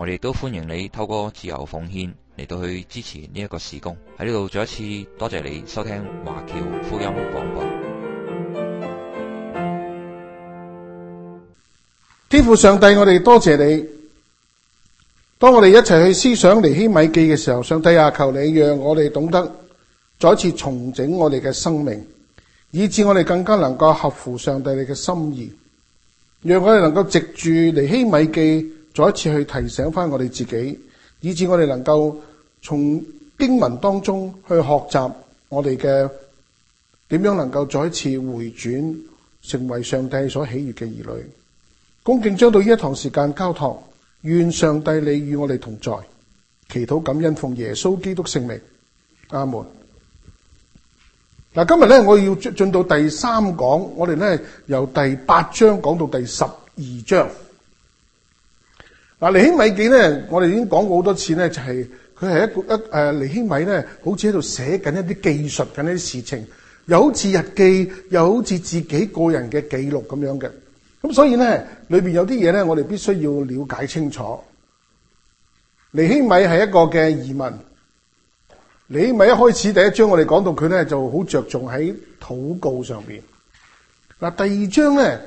我哋都歡迎你透過自由奉獻嚟到去支持呢一個事工。喺呢度再一次多謝你收聽華僑福音廣播。天父上帝，我哋多謝你。當我哋一齊去思想尼希米記嘅時候，上帝啊，求你讓我哋懂得再一次重整我哋嘅生命，以致我哋更加能夠合乎上帝你嘅心意。讓我哋能夠藉住尼希米記。再一次去提醒翻我哋自己，以至我哋能夠從經文當中去學習我哋嘅點樣能夠再一次回轉，成為上帝所喜悅嘅兒女。恭敬將到呢一堂時間交託，願上帝你與我哋同在，祈禱感恩奉耶穌基督聖名，阿門。嗱，今日咧我要進進到第三講，我哋咧由第八章講到第十二章。嗱，尼希米記咧，我哋已經講過好多次咧，就係佢係一個一誒尼希米咧，好似喺度寫緊一啲技術緊一啲事情，又好似日記，又好似自己個人嘅記錄咁樣嘅。咁所以咧，裏邊有啲嘢咧，我哋必須要了解清楚。尼希米係一個嘅移民。尼希米一開始第一章，我哋講到佢咧就好着重喺禱告上邊。嗱，第二章咧，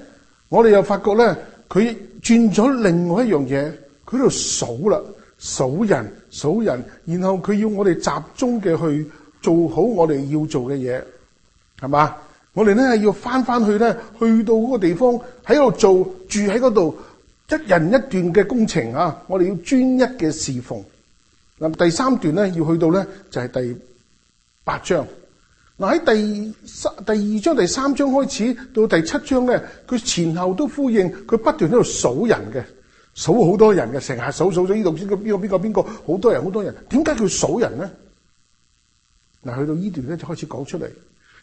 我哋又發覺咧。佢轉咗另外一樣嘢，佢喺度數啦，數人數人，然後佢要我哋集中嘅去做好我哋要做嘅嘢，係嘛？我哋咧要翻翻去咧，去到嗰個地方喺度做住喺嗰度一人一段嘅工程啊！我哋要專一嘅侍奉。嗱。第三段咧要去到咧就係第八章。嗱，喺第三、第二章、第三章開始到第七章咧，佢前後都呼應，佢不斷喺度數人嘅，數好多人嘅，成日數數咗呢度先，邊個邊個邊個，好多人好多人，點解叫數人咧？嗱，去到呢段咧就開始講出嚟，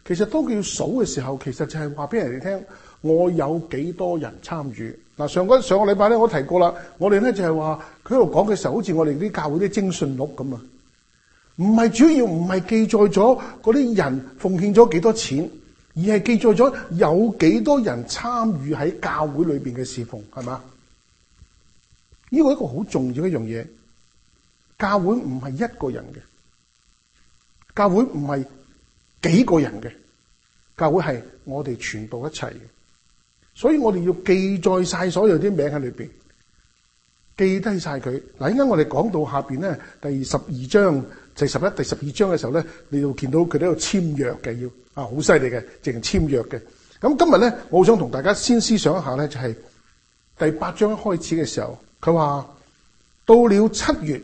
其實當佢數嘅時候，其實就係話俾人哋聽，我有幾多人參與。嗱，上個上個禮拜咧，我提過啦，我哋咧就係話佢喺度講嘅時候，好似我哋啲教會啲徵信錄咁啊。唔係主要唔係記載咗嗰啲人奉獻咗幾多錢，而係記載咗有幾多人參與喺教會裏邊嘅侍奉，係嘛？呢個一個好重要一樣嘢。教會唔係一個人嘅，教會唔係幾個人嘅，教會係我哋全部一齊嘅，所以我哋要記載晒所有啲名喺裏邊，記低晒佢。嗱，而家我哋講到下邊咧，第十二章。11, 第十一、第十二章嘅時候咧，你會見到佢都度簽約嘅，要啊好犀利嘅，淨係簽約嘅。咁今日咧，我想同大家先思想一下咧，就係第八章開始嘅時候，佢話到了七月，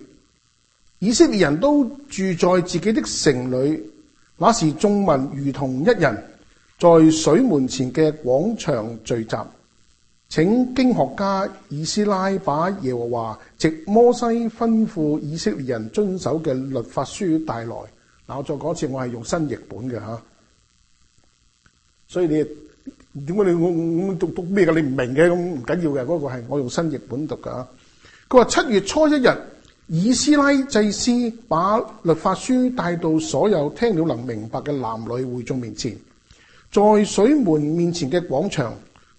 以色列人都住在自己的城裏，那時眾民如同一人，在水門前嘅廣場聚集。請經學家以斯拉把耶和華藉摩西吩咐以色列人遵守嘅律法書帶來。嗱，我再講一次，我係用新譯本嘅吓，所以你點解你我讀讀咩嘅？你唔明嘅，咁唔緊要嘅，嗰、嗰個係我用新譯本讀噶。佢話七月初一日，以斯拉祭司把律法書帶到所有聽了能明白嘅男女會眾面前，在水門面前嘅廣場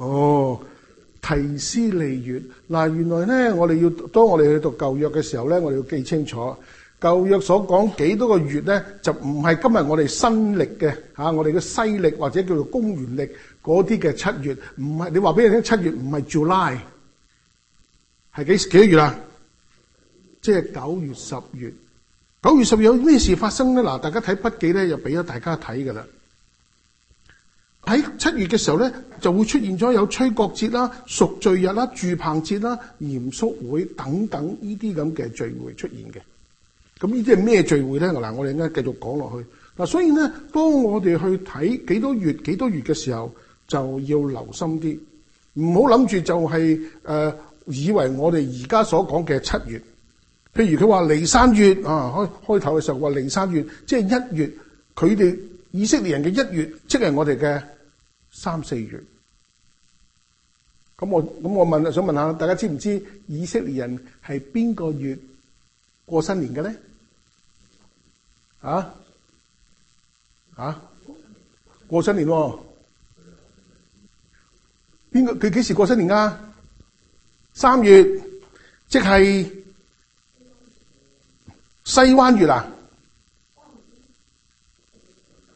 哦，提斯利月嗱，啊，原來咧，我哋要當我哋去讀舊約嘅時候咧，我哋要記清楚舊約所講幾多個月咧，就唔係今日我哋新曆嘅嚇，我哋嘅西曆或者叫做公元曆嗰啲嘅七月，唔係你話俾人聽七月唔係 July，係幾幾多月啊？即係九月、十月，九月、十月有咩事發生咧？嗱，大家睇筆記咧，又俾咗大家睇噶啦。喺七月嘅時候咧，就會出現咗有吹角節啦、贖罪日啦、住棚節啦、嚴肅會等等呢啲咁嘅聚會出現嘅。咁呢啲係咩聚會咧？嗱，我哋應該繼續講落去。嗱、啊，所以咧，當我哋去睇幾多月、幾多月嘅時候，就要留心啲，唔好諗住就係、是、誒、呃、以為我哋而家所講嘅七月。譬如佢話嚟三月啊，開開頭嘅時候話嚟三月，即、就、係、是、一月，佢哋。以色列人嘅一月，即係我哋嘅三四月。咁我咁我問，我想問下大家知唔知以色列人係邊個月過新年嘅呢？啊啊，過新年喎、哦！邊個佢幾時過新年啊？三月，即係西灣月啦、啊。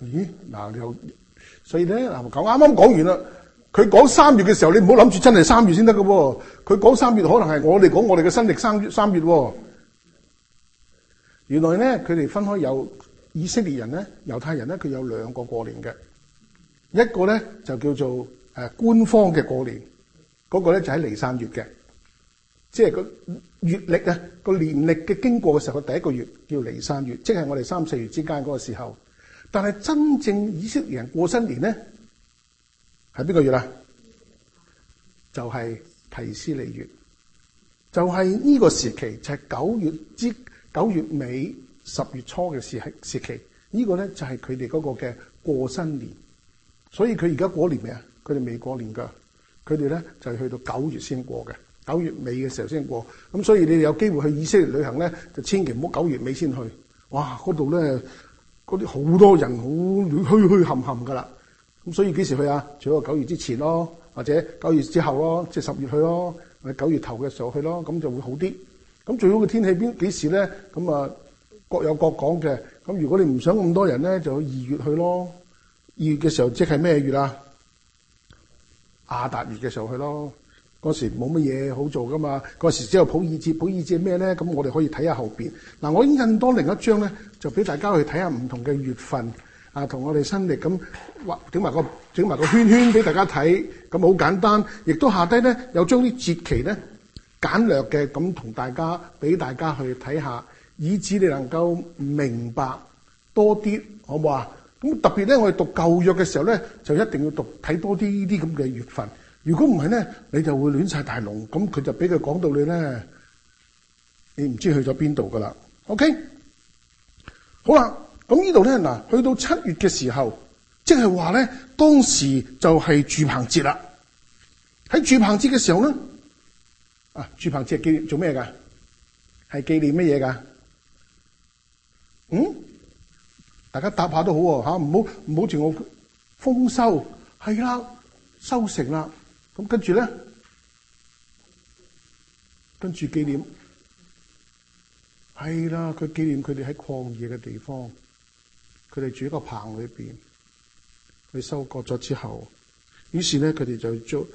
咦嗱，又所以咧，嗱咁啱啱講完啦，佢講三月嘅時候，你唔好諗住真係三月先得嘅喎。佢講三月可能係我哋講我哋嘅新歷三月三月，哦。原來咧，佢哋分開有以色列人咧，猶太人咧，佢有兩個過年嘅。一個咧就叫做誒官方嘅過年，嗰，那個咧就喺尼散月嘅，即係個月曆咧個年曆嘅經過嘅時候，第一個月叫尼散月，即係我哋三四月之間嗰個時候。但係真正以色列人過新年咧，係邊個月啊？就係提斯利月，就係呢個時期，就係九月至九月尾十月初嘅時時期。呢個咧就係佢哋嗰個嘅過新年。所以佢而家過年未啊？佢哋未過年噶。佢哋咧就係去到九月先過嘅，九月尾嘅時候先過。咁所以你哋有機會去以色列旅行咧，就千祈唔好九月尾先去。哇！嗰度咧～嗰啲好多人好虛虛冚冚噶啦，咁所以幾時去啊？除咗九月之前咯，或者九月之後咯，即係十月去咯，或者九月頭嘅時候去咯，咁就會好啲。咁最好嘅天氣邊幾時咧？咁啊各有各講嘅。咁如果你唔想咁多人咧，就去二月去咯。二月嘅時候即係咩月啊？亞達月嘅時候去咯。嗰時冇乜嘢好做㗎嘛，嗰時只有普珥節，普珥節係咩咧？咁我哋可以睇下後邊。嗱、啊，我已經印多另一張咧，就俾大家去睇下唔同嘅月份啊，同我哋新歷咁畫整埋個整埋個圈圈俾大家睇，咁好簡單。亦都下低咧，有將啲節期咧簡略嘅咁同大家俾大家去睇下，以至你能夠明白多啲，好唔好啊？咁特別咧，我哋讀舊約嘅時候咧，就一定要讀睇多啲呢啲咁嘅月份。如果唔係咧，你就會亂晒大龍，咁佢就俾佢講到你咧，你唔知去咗邊度噶啦。OK，好啦，咁呢度咧嗱，去到七月嘅時候，即係話咧，當時就係住棚節啦。喺住棚節嘅時候咧，啊，住棚節係紀念做咩噶？係紀念乜嘢噶？嗯，大家答下都好喎，吓，唔好唔好住我豐收係啦，收成啦。咁跟住咧，跟住紀念係啦。佢紀、嗯、念佢哋喺曠野嘅地方，佢哋住喺個棚裏邊。佢收割咗之後，於是咧佢哋就做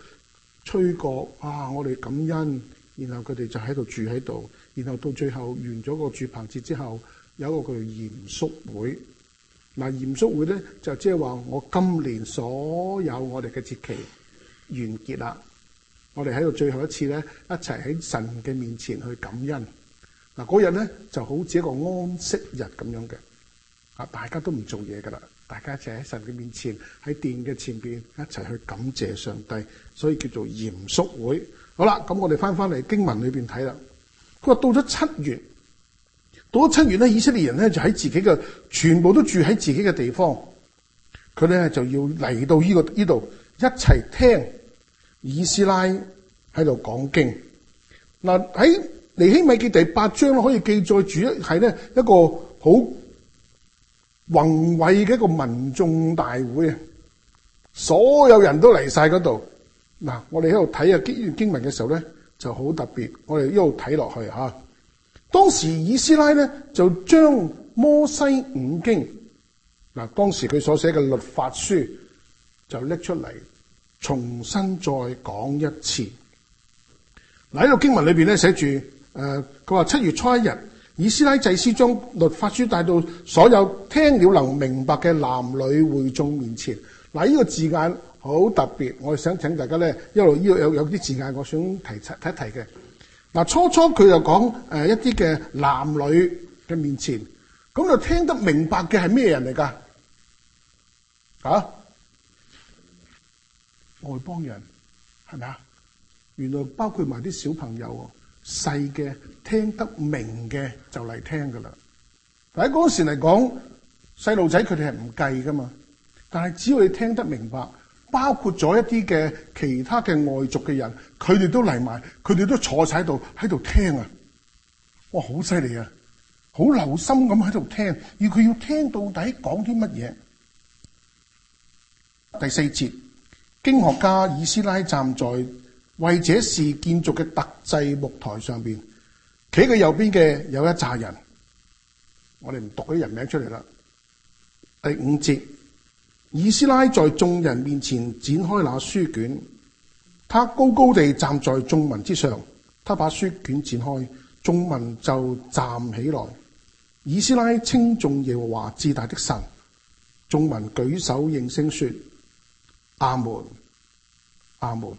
吹角啊！我哋感恩，然後佢哋就喺度住喺度，然後到最後完咗個住棚節之後，有一個叫做嚴肅會。嗱，嚴肅會咧就即係話我今年所有我哋嘅節期完結啦！我哋喺度最後一次咧，一齊喺神嘅面前去感恩。嗱，嗰日咧就好似一個安息日咁樣嘅，啊，大家都唔做嘢噶啦，大家一齊喺神嘅面前，喺殿嘅前邊一齊去感謝上帝，所以叫做嚴肅會。好啦，咁我哋翻翻嚟經文裏邊睇啦。佢話，到咗七月，到咗七月咧，以色列人咧就喺自己嘅全部都住喺自己嘅地方，佢咧就要嚟到呢個呢度一齊聽以斯拉喺度講經，嗱，喺尼希米記第八章可以記載住一係咧一個好宏偉嘅一個民眾大會啊！所有人都嚟晒嗰度。嗱，我哋喺度睇下經經文嘅時候咧就好特別，我哋一路睇落去吓。當時以斯拉咧就將摩西五經，嗱，當時佢所寫嘅律法書就拎出嚟。重新再講一次。嗱、這、喺個經文裏邊咧寫住，誒佢話七月初一日，以斯拉祭司將律法書帶到所有聽了能明白嘅男女會眾面前。嗱、呃、呢、這個字眼好特別，我想請大家咧一路要有有啲字眼，我想提提一提嘅。嗱、呃、初初佢就講誒一啲嘅男女嘅面前，咁就聽得明白嘅係咩人嚟㗎？啊？外邦人係咪啊？原來包括埋啲小朋友，細嘅聽得明嘅就嚟聽㗎啦。但喺嗰時嚟講，細路仔佢哋係唔計㗎嘛。但係只要你聽得明白，包括咗一啲嘅其他嘅外族嘅人，佢哋都嚟埋，佢哋都坐晒喺度喺度聽啊！哇，好犀利啊！好留心咁喺度聽，而佢要聽到底講啲乜嘢？第四節。經學家以斯拉站在為這事建築嘅特製木台上邊，企喺佢右邊嘅有一揸人，我哋唔讀佢人名出嚟啦。第五節，以斯拉在眾人面前展開那書卷，他高高地站在眾民之上，他把書卷展開，眾民就站起來。以斯拉稱頌耶和華至大的神，眾民舉手應聲說：阿門。阿門，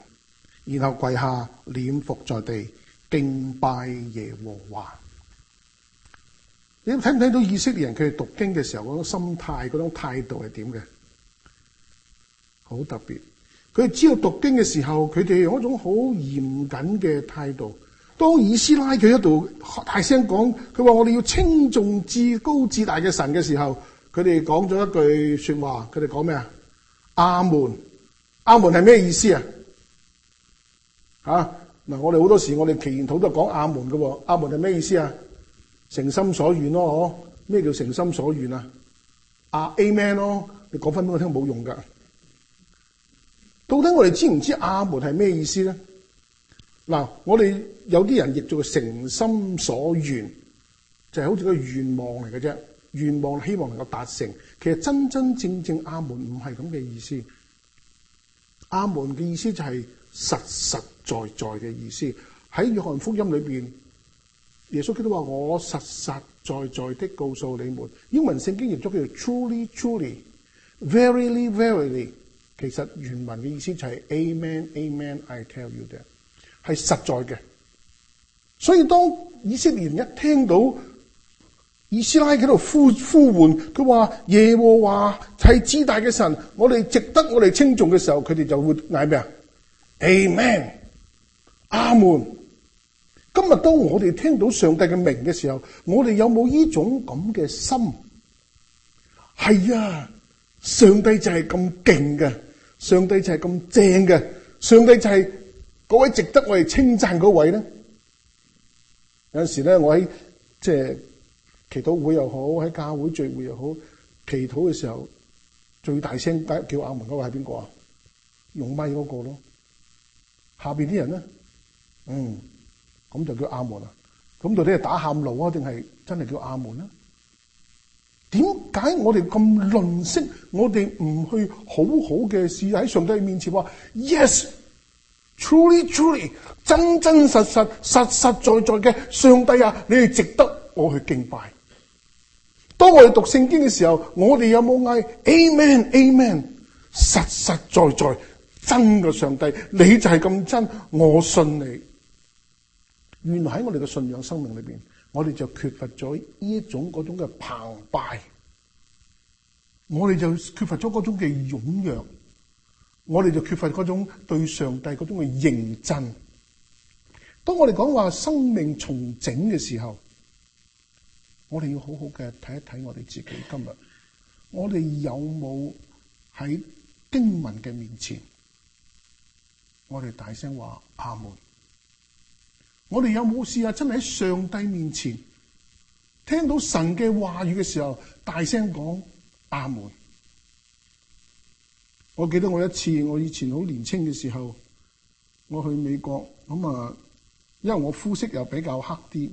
然後跪下，臉伏在地，敬拜耶和華。你聽唔聽到以色列人佢哋讀經嘅時候嗰種心態、嗰種態度係點嘅？好特別，佢哋知道讀經嘅時候，佢哋用一種好嚴謹嘅態度。當以斯拉佢喺度大聲講，佢話我哋要稱頌至高至大嘅神嘅時候，佢哋講咗一句說話，佢哋講咩啊？阿門。阿門係咩意思啊？嚇嗱，我哋好多時我哋祈禱禱都係講阿門嘅喎。阿門係咩意思啊？誠心所願咯，嗬？咩叫誠心所願啊？阿 Amen 咯，你講翻俾我聽冇用噶。到底我哋知唔知阿門係咩意思咧？嗱、啊，我哋有啲人譯做誠心所願，就係、是、好似個願望嚟嘅啫，願望希望能夠達成。其實真真正正，正阿門唔係咁嘅意思。阿門嘅意思就係實實在在嘅意思，喺《約翰福音》裏邊，耶穌基督話：我實實在在的告訴你們，英文聖經譯作叫做 truly truly，verily verily。其實原文嘅意思就係 amen amen，I tell you that 係實在嘅。所以當以色列人一聽到，以斯拉喺度呼呼喚，佢話耶和華係至大嘅神，我哋值得我哋稱頌嘅時候，佢哋就會嗌咩啊？Amen，阿門。今日當我哋聽到上帝嘅名嘅時候，我哋有冇呢種咁嘅心？係啊，上帝就係咁勁嘅，上帝就係咁正嘅，上帝就係嗰位值得我哋稱讚嗰位咧。有陣時咧，我喺即係。祈禱會又好，喺教會聚會又好，祈禱嘅時候最大聲叫阿門嗰個係邊個啊？用咪嗰個咯，下邊啲人咧，嗯，咁就叫阿門啊！咁到底係打喊路啊，定係真係叫阿門咧，啊？點解我哋咁吝嗇？我哋唔去好好嘅事喺上帝面前話 yes，truly truly 真真實實實實在在嘅上帝啊！你哋值得我去敬拜。當我哋讀聖經嘅時候，我哋有冇嗌 Amen? Amen！實實在在，真嘅上帝，你就係咁真，我信你。原來喺我哋嘅信仰生命裏邊，我哋就缺乏咗呢一種嗰種嘅澎湃，我哋就缺乏咗嗰種嘅踴躍，我哋就缺乏嗰種對上帝嗰種嘅認真。當我哋講話生命重整嘅時候。我哋要好好嘅睇一睇我哋自己今日，我哋有冇喺經文嘅面前，我哋大聲話阿門？我哋有冇試下真係喺上帝面前聽到神嘅話語嘅時候，大聲講阿門？我記得我一次，我以前好年青嘅時候，我去美國咁啊，因為我膚色又比較黑啲。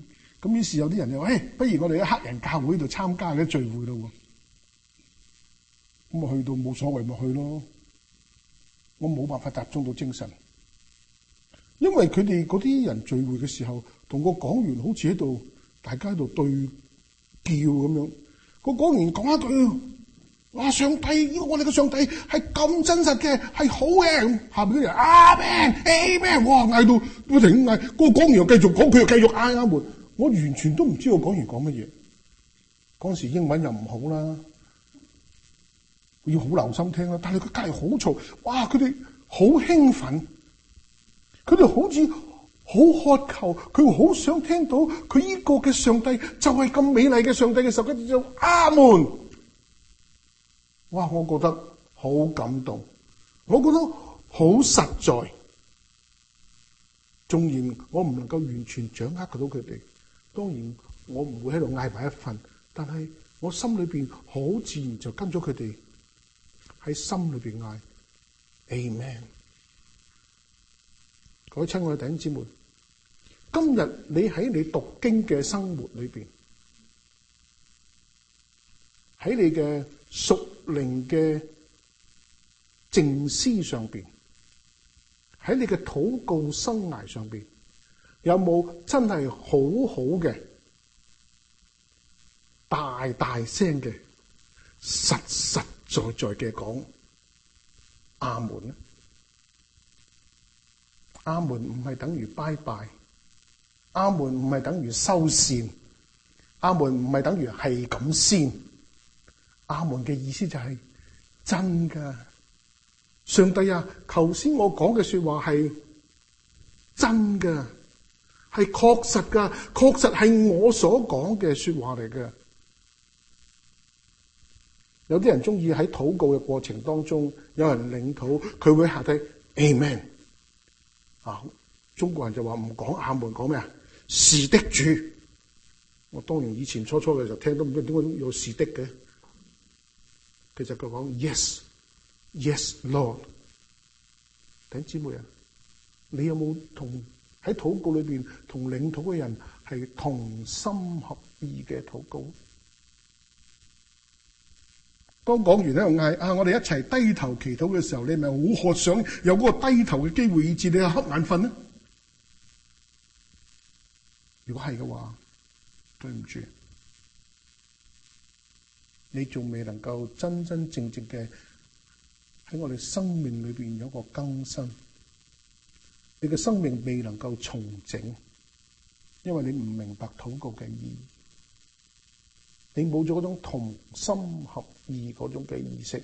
咁於是有啲人就話：嘿，不如我哋喺黑人教會度參加啲聚會咯。咁我去到冇所謂，咪去咯。我冇辦法集中到精神，因為佢哋嗰啲人聚會嘅時候，同個講員好似喺度，大家喺度對叫咁樣。個講員講一句話：上帝，我哋嘅上帝係咁真實嘅，係好嘅。下面啲人阿們，阿們，哇嗌到不停嗌。個講員又繼續講，佢又繼續嗌阿們。我完全都唔知我講完講乜嘢，嗰陣時英文又唔好啦，要好留心聽啦。但係個街好嘈，哇！佢哋好興奮，佢哋好似好渴求，佢好想聽到佢依個嘅上帝就係咁美麗嘅上帝嘅時候，就阿門！哇！我覺得好感動，我覺得好實在。縱然我唔能夠完全掌握到佢哋。當然，我唔會喺度嗌埋一份，但係我心裏邊好自然就跟咗佢哋喺心裏邊嗌：Amen！各位親愛嘅弟兄姊妹，今日你喺你讀經嘅生活裏邊，喺你嘅屬靈嘅靜思上邊，喺你嘅禱告生涯上邊。有冇真係好好嘅大大聲嘅實實在在嘅講阿門咧？阿門唔係等於拜拜，阿門唔係等於收線，阿門唔係等於係咁先。阿門嘅意思就係真噶，上帝啊！頭先我講嘅說話係真噶。係確實㗎，確實係我所講嘅說話嚟嘅。有啲人中意喺禱告嘅過程當中，有人領禱，佢會下低 Amen 啊！中國人就話唔講阿門，講咩啊？是的主。我當年以前初初嘅時候聽都唔知點解有是的嘅。其實佢講 yes，yes，Lord。頂姊妹啊，你有冇同？喺禱告裏邊，同領土嘅人係同心合意嘅禱告。當講完咧，又嗌啊我哋一齊低頭祈禱嘅時候，你係咪好渴想有嗰個低頭嘅機會，以致你瞌眼瞓咧？如果係嘅話，對唔住，你仲未能夠真真正正嘅喺我哋生命裏邊有一個更新。你嘅生命未能夠重整，因為你唔明白禱告嘅意義，你冇咗嗰種同心合意嗰種嘅意識。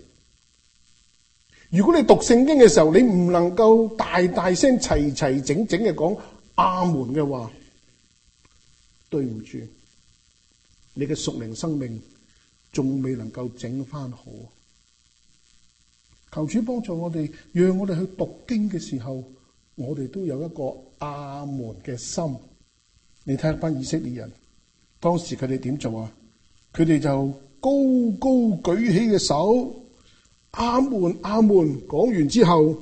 如果你讀聖經嘅時候，你唔能夠大大聲齊齊整整嘅講阿門嘅話，對唔住，你嘅屬靈生命仲未能夠整返好。求主幫助我哋，讓我哋去讀經嘅時候。我哋都有一個阿門嘅心，你睇一班以色列人，當時佢哋點做啊？佢哋就高高舉起嘅手，阿門阿門，講完之後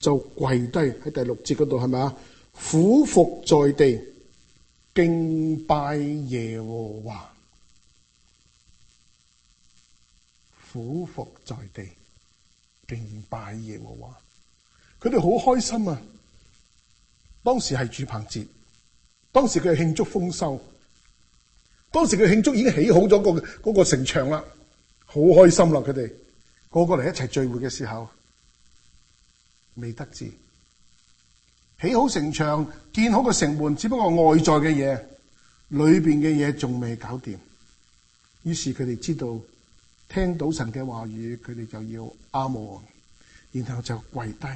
就跪低喺第六節嗰度係咪啊？俯伏在地敬拜耶和華，俯伏在地敬拜耶和華，佢哋好開心啊！當時係住棚節，當時佢慶祝豐收，當時佢慶祝已經起好咗個嗰個城牆啦，好開心啦。佢哋個個嚟一齊聚會嘅時候，未得志，起好城牆，建好個城門，只不過外在嘅嘢，裏邊嘅嘢仲未搞掂。於是佢哋知道聽到神嘅話語，佢哋就要阿們，然後就跪低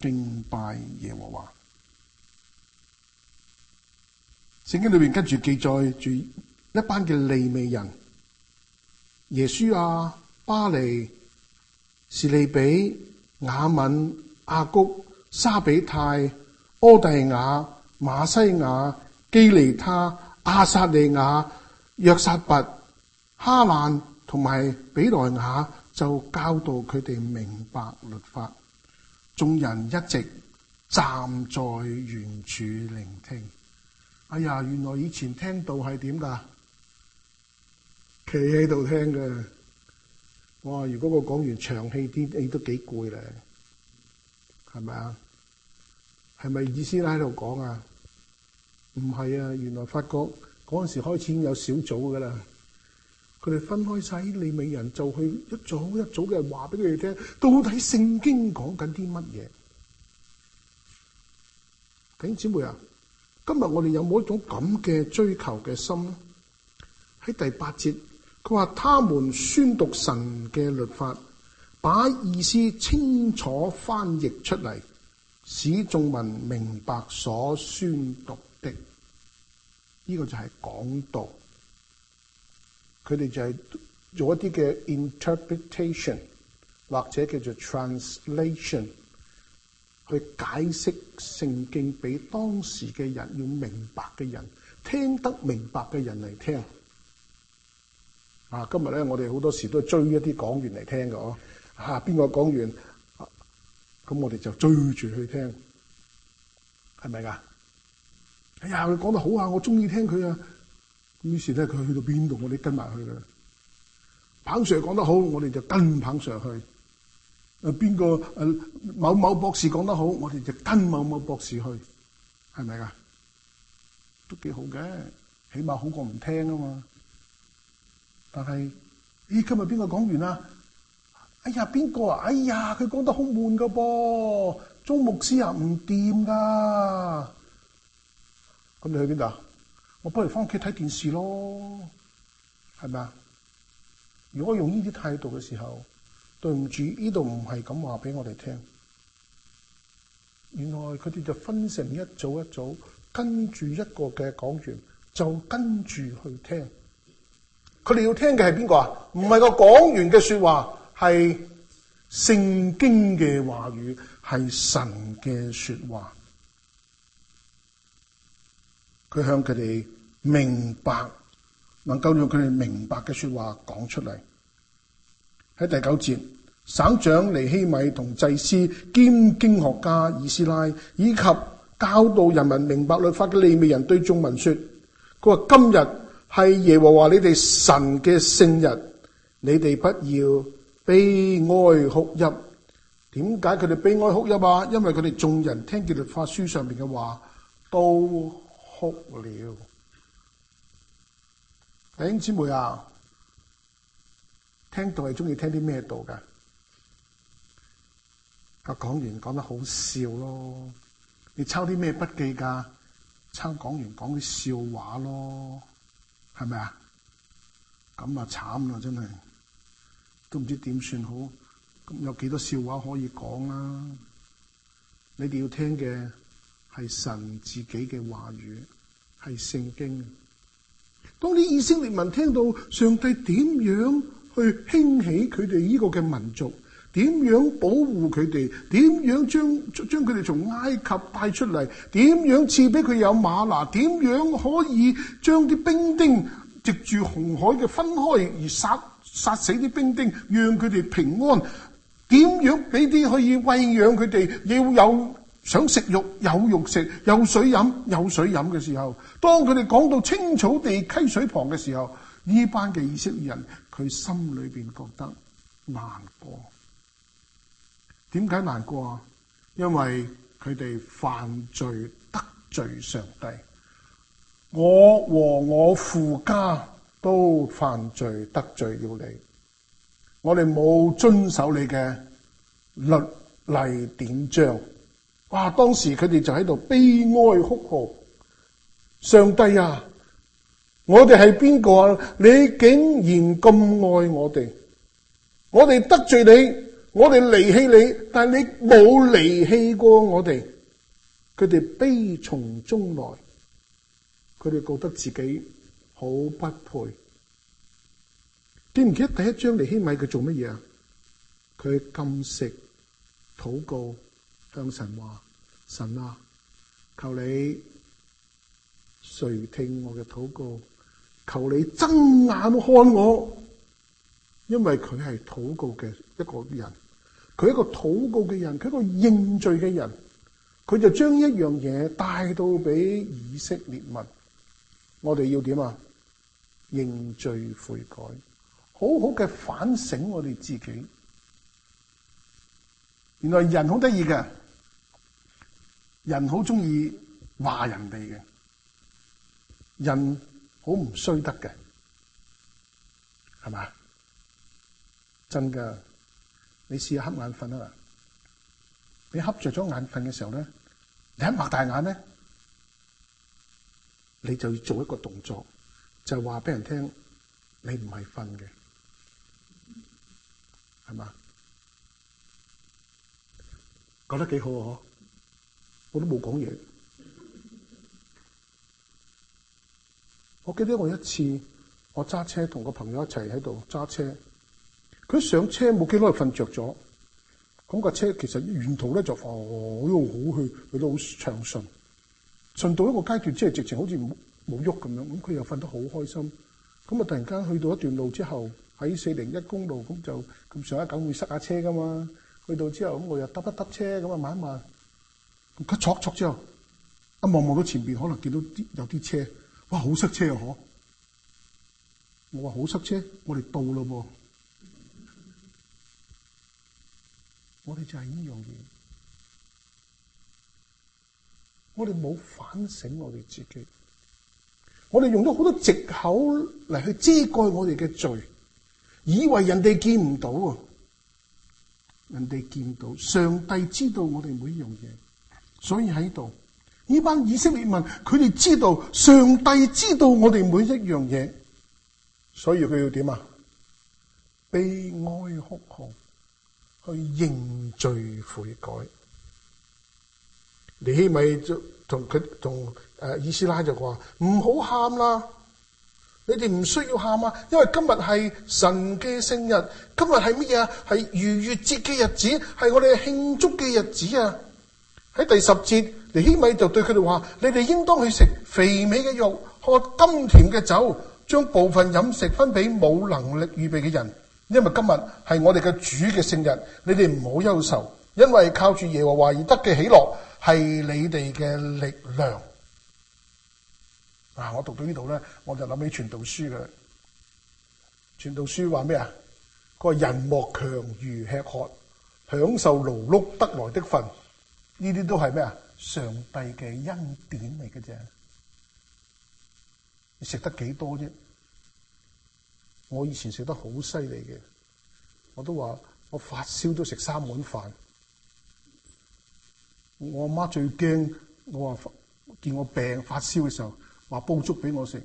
敬拜耶和華。聖經裏面跟住記載住一班嘅利未人，耶穌啊、巴利、士利比、雅敏、雅谷阿谷、沙比泰、柯蒂亞、馬西亞、基利他、阿撒利亞、約撒拔、哈蘭同埋比來亞，就教導佢哋明白律法。眾人一直站在原處聆聽。哎呀，原來以前聽道係點㗎？企喺度聽嘅，哇！如果我講完長氣啲，你都幾攰咧，係咪啊？係咪意思？奶喺度講啊？唔係啊，原來發覺嗰陣時開始已經有小組㗎啦。佢哋分開曬，利未人就去一組一組嘅話畀佢哋聽，到底聖經講緊啲乜嘢？頂姊妹啊！今日我哋有冇一種咁嘅追求嘅心？喺第八節，佢話他們宣讀神嘅律法，把意思清楚翻譯出嚟，使眾民明白所宣讀的。呢、這個就係講道，佢哋就係做一啲嘅 interpretation 或者叫做 translation。去解釋聖經俾當時嘅人，要明白嘅人，聽得明白嘅人嚟聽。啊，今日咧，我哋好多時都係追一啲講員嚟聽嘅哦。嚇、啊，邊個講完，咁、啊、我哋就追住去聽，係咪噶？哎呀，佢講得好啊，我中意聽佢啊。於是咧，佢去到邊度，我哋跟埋去嘅。彭 Sir 講得好，我哋、啊、就跟彭 Sir 去。誒，邊個，誒、某某博士講得好，我哋就跟某某博士去，係咪噶？都幾好嘅，起碼好過唔聽啊嘛。但係，咦、欸、今日邊個講完啦？哎呀，邊個啊？哎呀，佢講得好悶噶噃，鍾牧師啊，唔掂㗎。咁你去邊度啊？我不如返屋企睇電視咯，係咪啊？如果用呢啲態度嘅時候，對唔住，呢度唔係咁話俾我哋聽。原來佢哋就分成一組一組，跟住一個嘅講員，就跟住去聽。佢哋要聽嘅係邊個啊？唔係個講員嘅說話，係聖經嘅話語，係神嘅說話。佢向佢哋明白，能夠用佢哋明白嘅說話講出嚟。喺第九節，省長尼希米同祭司兼經學家以斯拉，以及教導人民明白律法嘅利未人對眾民説：佢話今日係耶和華你哋神嘅聖日，你哋不要悲哀哭泣。點解佢哋悲哀哭泣啊？因為佢哋眾人聽見律法書上面嘅話，都哭了。弟兄姐妹呀、啊！聽到係中意聽啲咩道噶？個講員講得好笑咯，你抄啲咩筆記噶？抄講員講啲笑話咯，係咪啊？咁啊慘啦，真係都唔知點算好。咁有幾多笑話可以講啦、啊？你哋要聽嘅係神自己嘅話語，係聖經。當啲以色列民聽到上帝點樣？去興起佢哋呢個嘅民族，點樣保護佢哋？點樣將將佢哋從埃及帶出嚟？點樣賜俾佢有馬拿？點樣可以將啲兵丁藉住紅海嘅分開而殺殺死啲兵丁，讓佢哋平安？點樣俾啲可以餵養佢哋？要有想食肉有肉食，有水飲有水飲嘅時候，當佢哋講到青草地溪水旁嘅時候，呢班嘅以色列人。佢心裏邊覺得難過，點解難過啊？因為佢哋犯罪得罪上帝，我和我父家都犯罪得罪了你，我哋冇遵守你嘅律例典章。哇！當時佢哋就喺度悲哀哭號，上帝啊！我哋係邊個啊？你竟然咁愛我哋，我哋得罪你，我哋離棄你，但係你冇離棄過我哋。佢哋悲從中來，佢哋覺得自己好不配。記唔記得第一章尼希米佢做乜嘢啊？佢禁食、禱告，向神話：神啊，求你垂聽我嘅禱告。求你睜眼看我，因為佢係禱告嘅一個人，佢一個禱告嘅人，佢一個認罪嘅人，佢就將一樣嘢帶到俾以色列民，我哋要點啊？認罪悔改，好好嘅反省我哋自己。原來人好得意嘅，人好中意話人哋嘅人。好唔衰得嘅，係嘛？真噶，你試下瞌眼瞓啊啦！你瞌着咗眼瞓嘅時候咧，你一擘大眼咧，你就要做一個動作，就係話俾人聽你唔係瞓嘅，係嘛？ 覺得幾好啊！我都冇講嘢。我記得我一次，我揸車同個朋友一齊喺度揸車。佢上車冇幾耐瞓着咗。咁架車其實沿途咧就好去，去到好暢順。順到一個階段即係直情好似冇喐咁樣。咁佢又瞓得好開心。咁啊，突然間去到一段路之後，喺四零一公路咁就咁上一緊會，會塞下車噶嘛。去到之後咁，我又揼一揼車咁啊，慢一慢。佢挫挫之後，看一望望到前邊可能見到啲有啲車，哇！好塞車啊，可我話好塞車，我哋到咯噃，啊，我哋就係呢樣嘢，我哋冇反省我哋自己，我哋用咗好多藉口嚟去遮蓋我哋嘅罪，以為人哋見唔到啊，人哋見到，上帝知道我哋每樣嘢，所以喺度。呢班以色列民，佢哋知道上帝知道我哋每一樣嘢，所以佢要點啊？悲哀哭號，去認罪悔改。尼希米就同佢同誒、呃，以斯拉就話唔好喊啦，你哋唔需要喊啊，因為今日係神嘅聖日，今日係乜嘢啊？係逾越節嘅日子，係我哋慶祝嘅日子啊！喺第十節，尼希米就對佢哋話：你哋應當去食肥美嘅肉，喝甘甜嘅酒，將部分飲食分俾冇能力預備嘅人，因為今日係我哋嘅主嘅聖日，你哋唔好憂愁，因為靠住耶和華而得嘅喜樂係你哋嘅力量。嗱、啊，我讀到呢度咧，我就諗起傳《傳道書》噶，《傳道書》話咩啊？個人莫強如吃喝，享受勞碌得來的份。呢啲都係咩啊？上帝嘅恩典嚟嘅啫，你食得幾多啫？我以前食得好犀利嘅，我都話我發燒都食三碗飯。我阿媽最驚我話，見我病發燒嘅時候，話煲粥俾我食，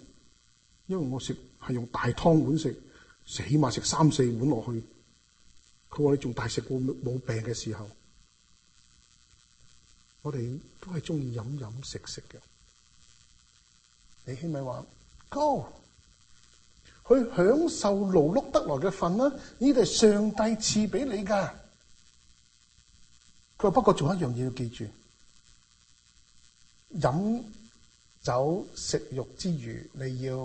因為我食係用大湯碗食，起碼食三四碗落去。佢話你仲大食過冇病嘅時候。我哋都係中意飲飲食食嘅。尼希米話：Go，去享受勞碌得來嘅份啦，啊，呢啲係上帝賜俾你㗎。佢話不過仲有一樣嘢要記住，飲酒食慾之餘，你要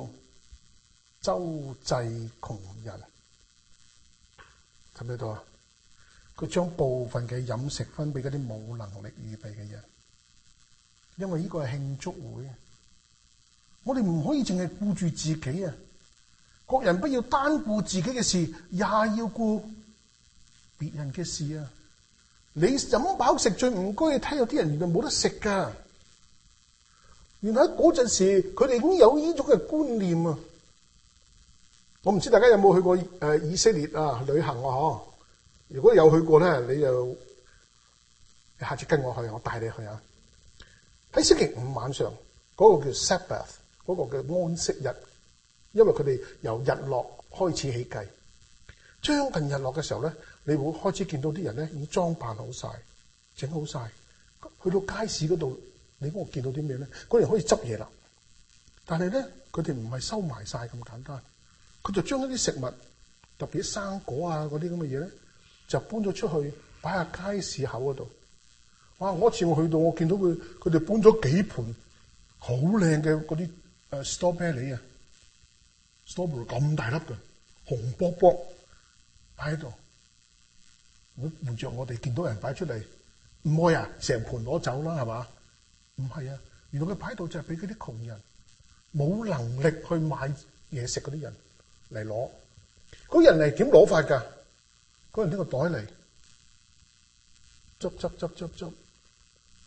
周濟窮人。陳領導。佢將部分嘅飲食分俾嗰啲冇能力預備嘅人，因為呢個係慶祝會，我哋唔可以淨係顧住自己啊！各人不要單顧自己嘅事，也要顧別人嘅事啊！你飲飽食醉唔該，你睇有啲人原來冇得食㗎。原來喺嗰陣時，佢哋已經有呢種嘅觀念啊！我唔知大家有冇去過誒以色列啊旅行啊？嗬！如果有去過咧，你就下次跟我去，我帶你去啊。喺星期五晚上嗰個叫 Sabbath，嗰個叫安息日，因為佢哋由日落開始起計，將近日落嘅時候咧，你會開始見到啲人咧，已經裝扮好曬，整好曬去到街市嗰度，你會見到啲咩咧？嗰人可以執嘢啦，但係咧佢哋唔係收埋曬咁簡單，佢就將一啲食物特別啲生果啊嗰啲咁嘅嘢咧。就搬咗出去擺喺街市口嗰度。哇！我一次我去到，我見到佢佢哋搬咗幾盤好靚嘅嗰啲誒 strawberry 啊 strawberry 咁大粒嘅，紅卜卜擺喺度。我換著我哋見到人擺出嚟，唔愛啊，成盤攞走啦，係嘛？唔係啊，原來佢擺喺度就係俾嗰啲窮人冇能力去買嘢食嗰啲人嚟攞。嗰人嚟點攞法㗎？嗰人拎個袋嚟，執執執執執，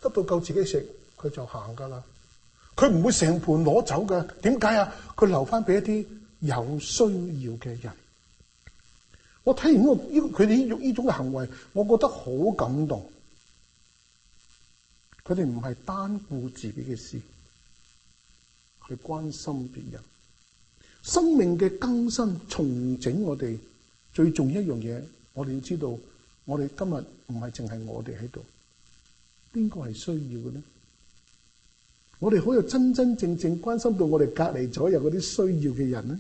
執到夠自己食，佢就行噶啦。佢唔會成盤攞走嘅，點解啊？佢留翻俾一啲有需要嘅人。我睇完呢個呢，佢哋呢種呢種嘅行為，我覺得好感動。佢哋唔係單顧自己嘅事，佢關心別人。生命嘅更新重整我，我哋最重要一樣嘢。我哋要知道，我哋今日唔係淨係我哋喺度，邊個係需要嘅咧？我哋好有真真正正關心到我哋隔籬左右嗰啲需要嘅人咧？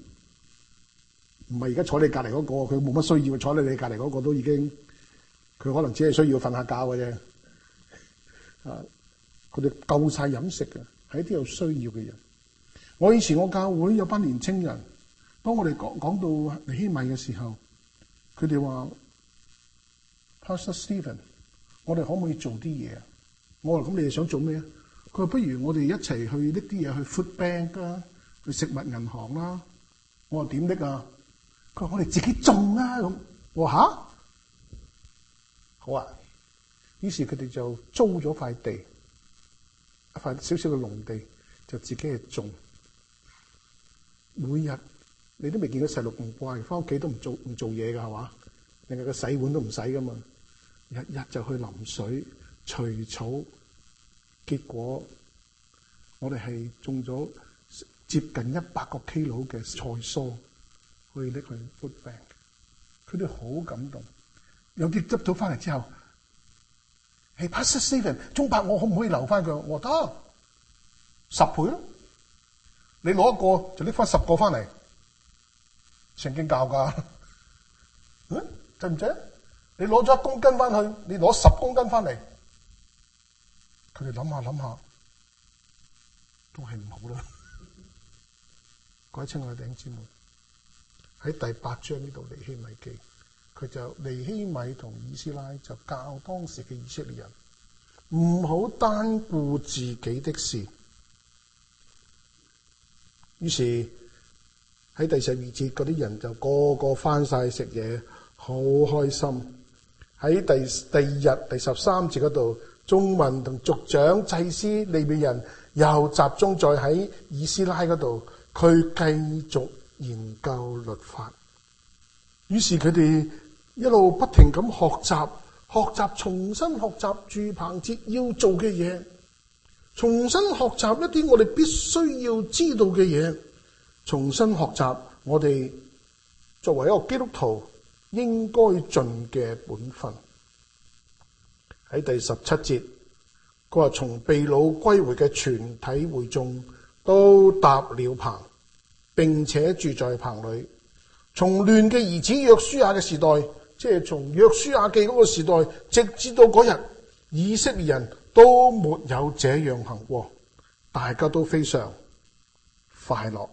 唔係而家坐你隔籬嗰個，佢冇乜需要。坐喺你隔籬嗰個都已經，佢可能只係需要瞓下覺嘅啫。啊，佢哋夠晒飲食嘅，係啲有需要嘅人。我以前我教會有班年青人，當我哋講講到尼希米嘅時候，佢哋話。Pastor Stephen，我哋可唔可以做啲嘢啊？我話咁，你哋想做咩啊？佢話不如我哋一齊去搦啲嘢去 food bank 啦，去食物銀行啦。我話點搦啊？佢話我哋自己種啊咁。我嚇，好啊。於是佢哋就租咗塊地，一塊小小嘅農地就自己去種。每日你都未見到細路唔乖，返屋企都唔做唔做嘢嘅係嘛？定係個洗碗都唔使噶嘛。日日就去淋水除草，結果我哋係種咗接近一百個 K 佬嘅菜蔬，去拎去撥病。佢哋好感動，有啲執到翻嚟之後係，Pastor Stephen、鍾伯，我可唔可以留翻佢？我得十倍咯，你攞一個就拎翻十個翻嚟，成經教㗎，嗯真唔真。你攞咗一公斤翻去，你攞十公斤翻嚟，佢哋諗下諗下，都係唔好啦。改稱我弟兄們，喺第八章呢度尼希米記，佢就尼希米同以斯拉就教當時嘅以色列人唔好單顧自己的事。於是喺第十二節嗰啲人就個個翻晒食嘢，好開心。喺第第二日第十三節嗰度，眾民同族長祭司利未人又集中在喺以斯拉嗰度，佢繼續研究律法。於是佢哋一路不停咁學習，學習重新學習住棚節要做嘅嘢，重新學習一啲我哋必須要知道嘅嘢，重新學習我哋作為一個基督徒，應該盡嘅本分。喺第十七節，佢話：從被擄歸回嘅全體會眾都搭了棚，並且住在棚裏。從亂嘅兒子約書亞嘅時代，即係從約書亞記嗰個時代，直至到嗰日，以色列人都沒有這樣行過。大家都非常快樂，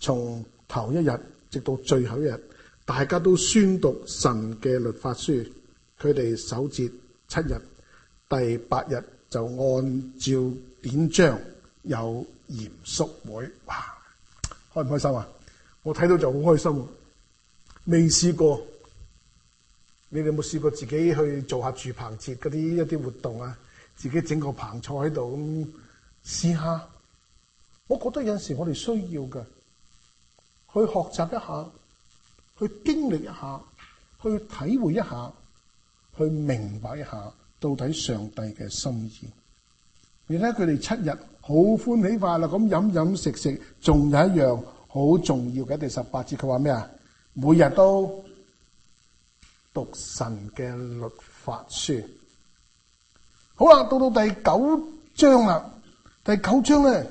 從頭一日直到最後一日。大家都宣讀神嘅律法書，佢哋守節七日，第八日就按照典章有嚴肅會。哇，開唔開心啊？我睇到就好開心啊！未試過，你哋有冇試過自己去做下住棚節嗰啲、一啲活動啊？自己整個棚坐喺度咁試下。我覺得有時我哋需要嘅去學習一下，去經歷一下，去體會一下，去明白一下到底上帝嘅心意。而咧，佢哋七日好歡喜快樂，咁飲飲食食，仲有一樣好重要嘅，第十八節佢話咩啊？每日都讀神嘅律法書。好啦，到到第九章啦，第九章咧，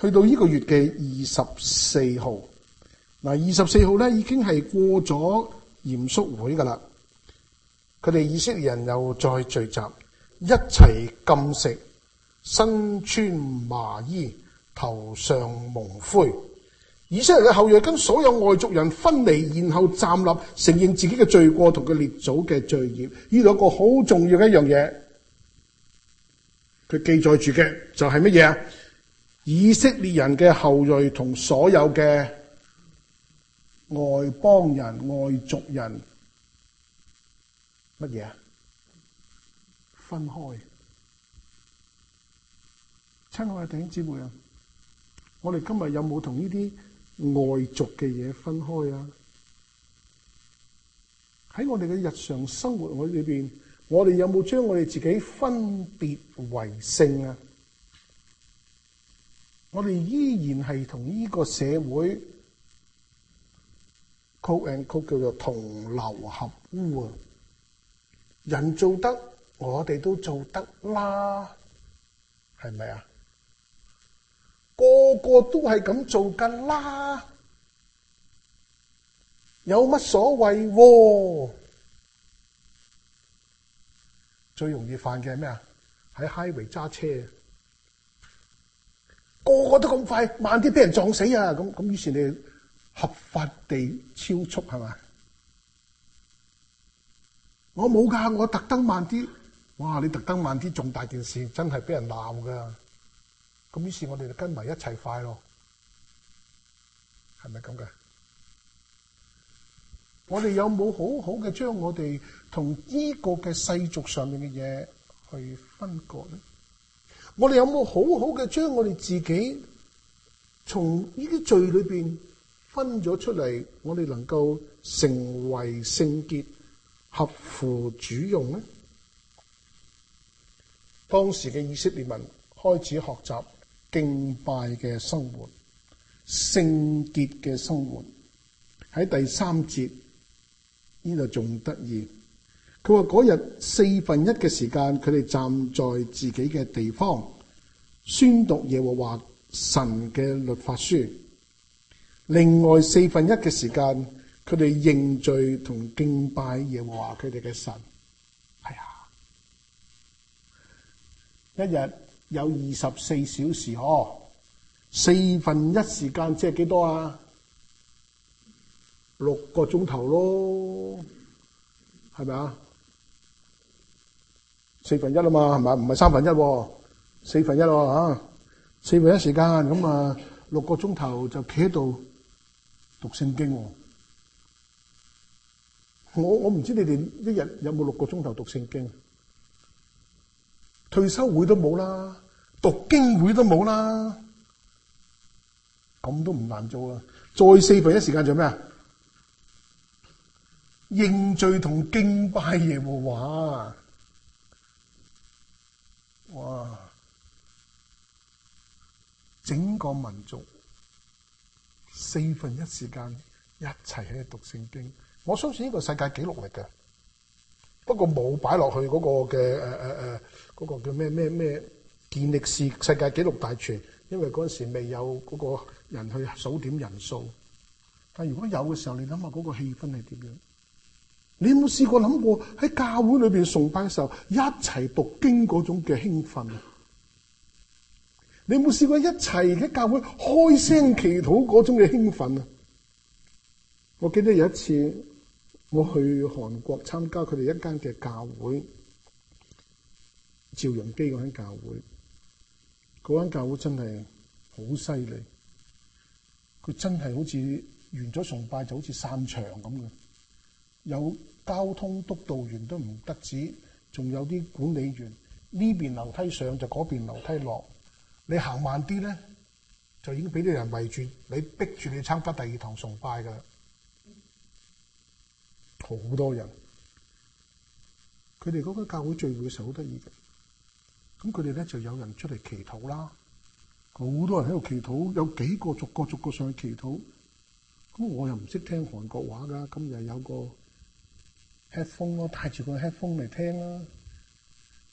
去到呢個月嘅二十四號。嗱，二十四號咧已經係過咗嚴肅會噶啦佢哋以色列人又再聚集，一齊禁食，身穿麻衣，頭上蒙灰。以色列嘅後裔跟所有外族人分離，然後站立承認自己嘅罪過同佢列祖嘅罪孽。呢兩個好重要嘅一樣嘢，佢記載住嘅就係乜嘢啊？以色列人嘅後裔同所有嘅。外邦人，外族人，乜嘢啊？分開。親愛的弟兄姊妹啊，我哋今日有冇同呢啲外族嘅嘢分開啊？喺我哋嘅日常生活我裏邊，我哋有冇將我哋自己分別為聖啊？我哋依然係同呢個社會。曲 and 曲叫做同流合污啊！人做得，我哋都做得啦，係咪啊？個個都係咁做噶啦，有乜所謂啊？最容易犯嘅係咩啊？喺 Highway 揸車，個個都咁快，慢啲俾人撞死啊！咁咁，於是你。合法地超速係咪？我冇噶，我特登慢啲。哇！你特登慢啲，重大件事，真係俾人鬧噶。咁於是，我是，是，我哋就跟埋一齊快咯。係咪咁嘅？我哋有冇好好嘅將我哋同呢個嘅世俗上面嘅嘢去分割咧？我哋有冇好好嘅將我哋自己從呢啲罪裏邊，分咗出嚟，我哋能夠成為聖潔、合乎主用咧？當時嘅以色列民開始學習敬拜嘅生活、聖潔嘅生活。喺第三節呢度仲得意，佢話嗰日四分一嘅時間，佢哋站在自己嘅地方宣讀耶和華神嘅律法書。另外四分一嘅時間，佢哋認罪同敬拜耶和華佢哋嘅神。係啊，一日有二十四小時哦，四分一時間即係幾多啊？六個鐘頭咯，係咪啊？四分一啊嘛，係咪啊？唔係三分一，四分一喎嚇。四分一時間咁啊，六個鐘頭就企喺度，讀聖經，我我唔知你哋一日有冇六個鐘頭讀聖經，退休會都冇啦，讀經會都冇啦，咁都唔難做啊！再四分一時間做咩啊？認罪同敬拜耶和華，哇！整個民族。四分一時間一齊喺度讀聖經，我相信呢個世界紀錄嚟嘅。不過冇擺落去嗰個嘅誒誒誒嗰個叫咩咩咩健力士世界紀錄大全，因為嗰陣時未有嗰個人去數點人數。但如果有嘅時候，你諗下嗰個氣氛係點樣？你有冇試過諗過喺教會裏邊崇拜嘅時候一齊讀經嗰種嘅興奮？你有冇試過一齊嘅教會開聲祈禱嗰種嘅興奮啊？ 我記得有一次我去韓國參加佢哋一間嘅教會，趙容基嗰間教會，嗰間教會真係好犀利。佢真係好似完咗崇拜就好似散場咁嘅，有交通督導員都唔得止，仲有啲管理員，呢邊樓梯上就嗰邊樓梯落。你行慢啲咧，就已經俾啲人圍住你，逼住你參加第二堂崇拜噶啦。好、嗯、多人，佢哋嗰個教會聚會嘅時候好得意嘅。咁佢哋咧就有人出嚟祈禱啦。好多人喺度祈禱，有幾個逐個逐個上去祈禱。咁我又唔識聽韓國話㗎，咁就有個 headphone 啦，戴住個 headphone 嚟聽啦。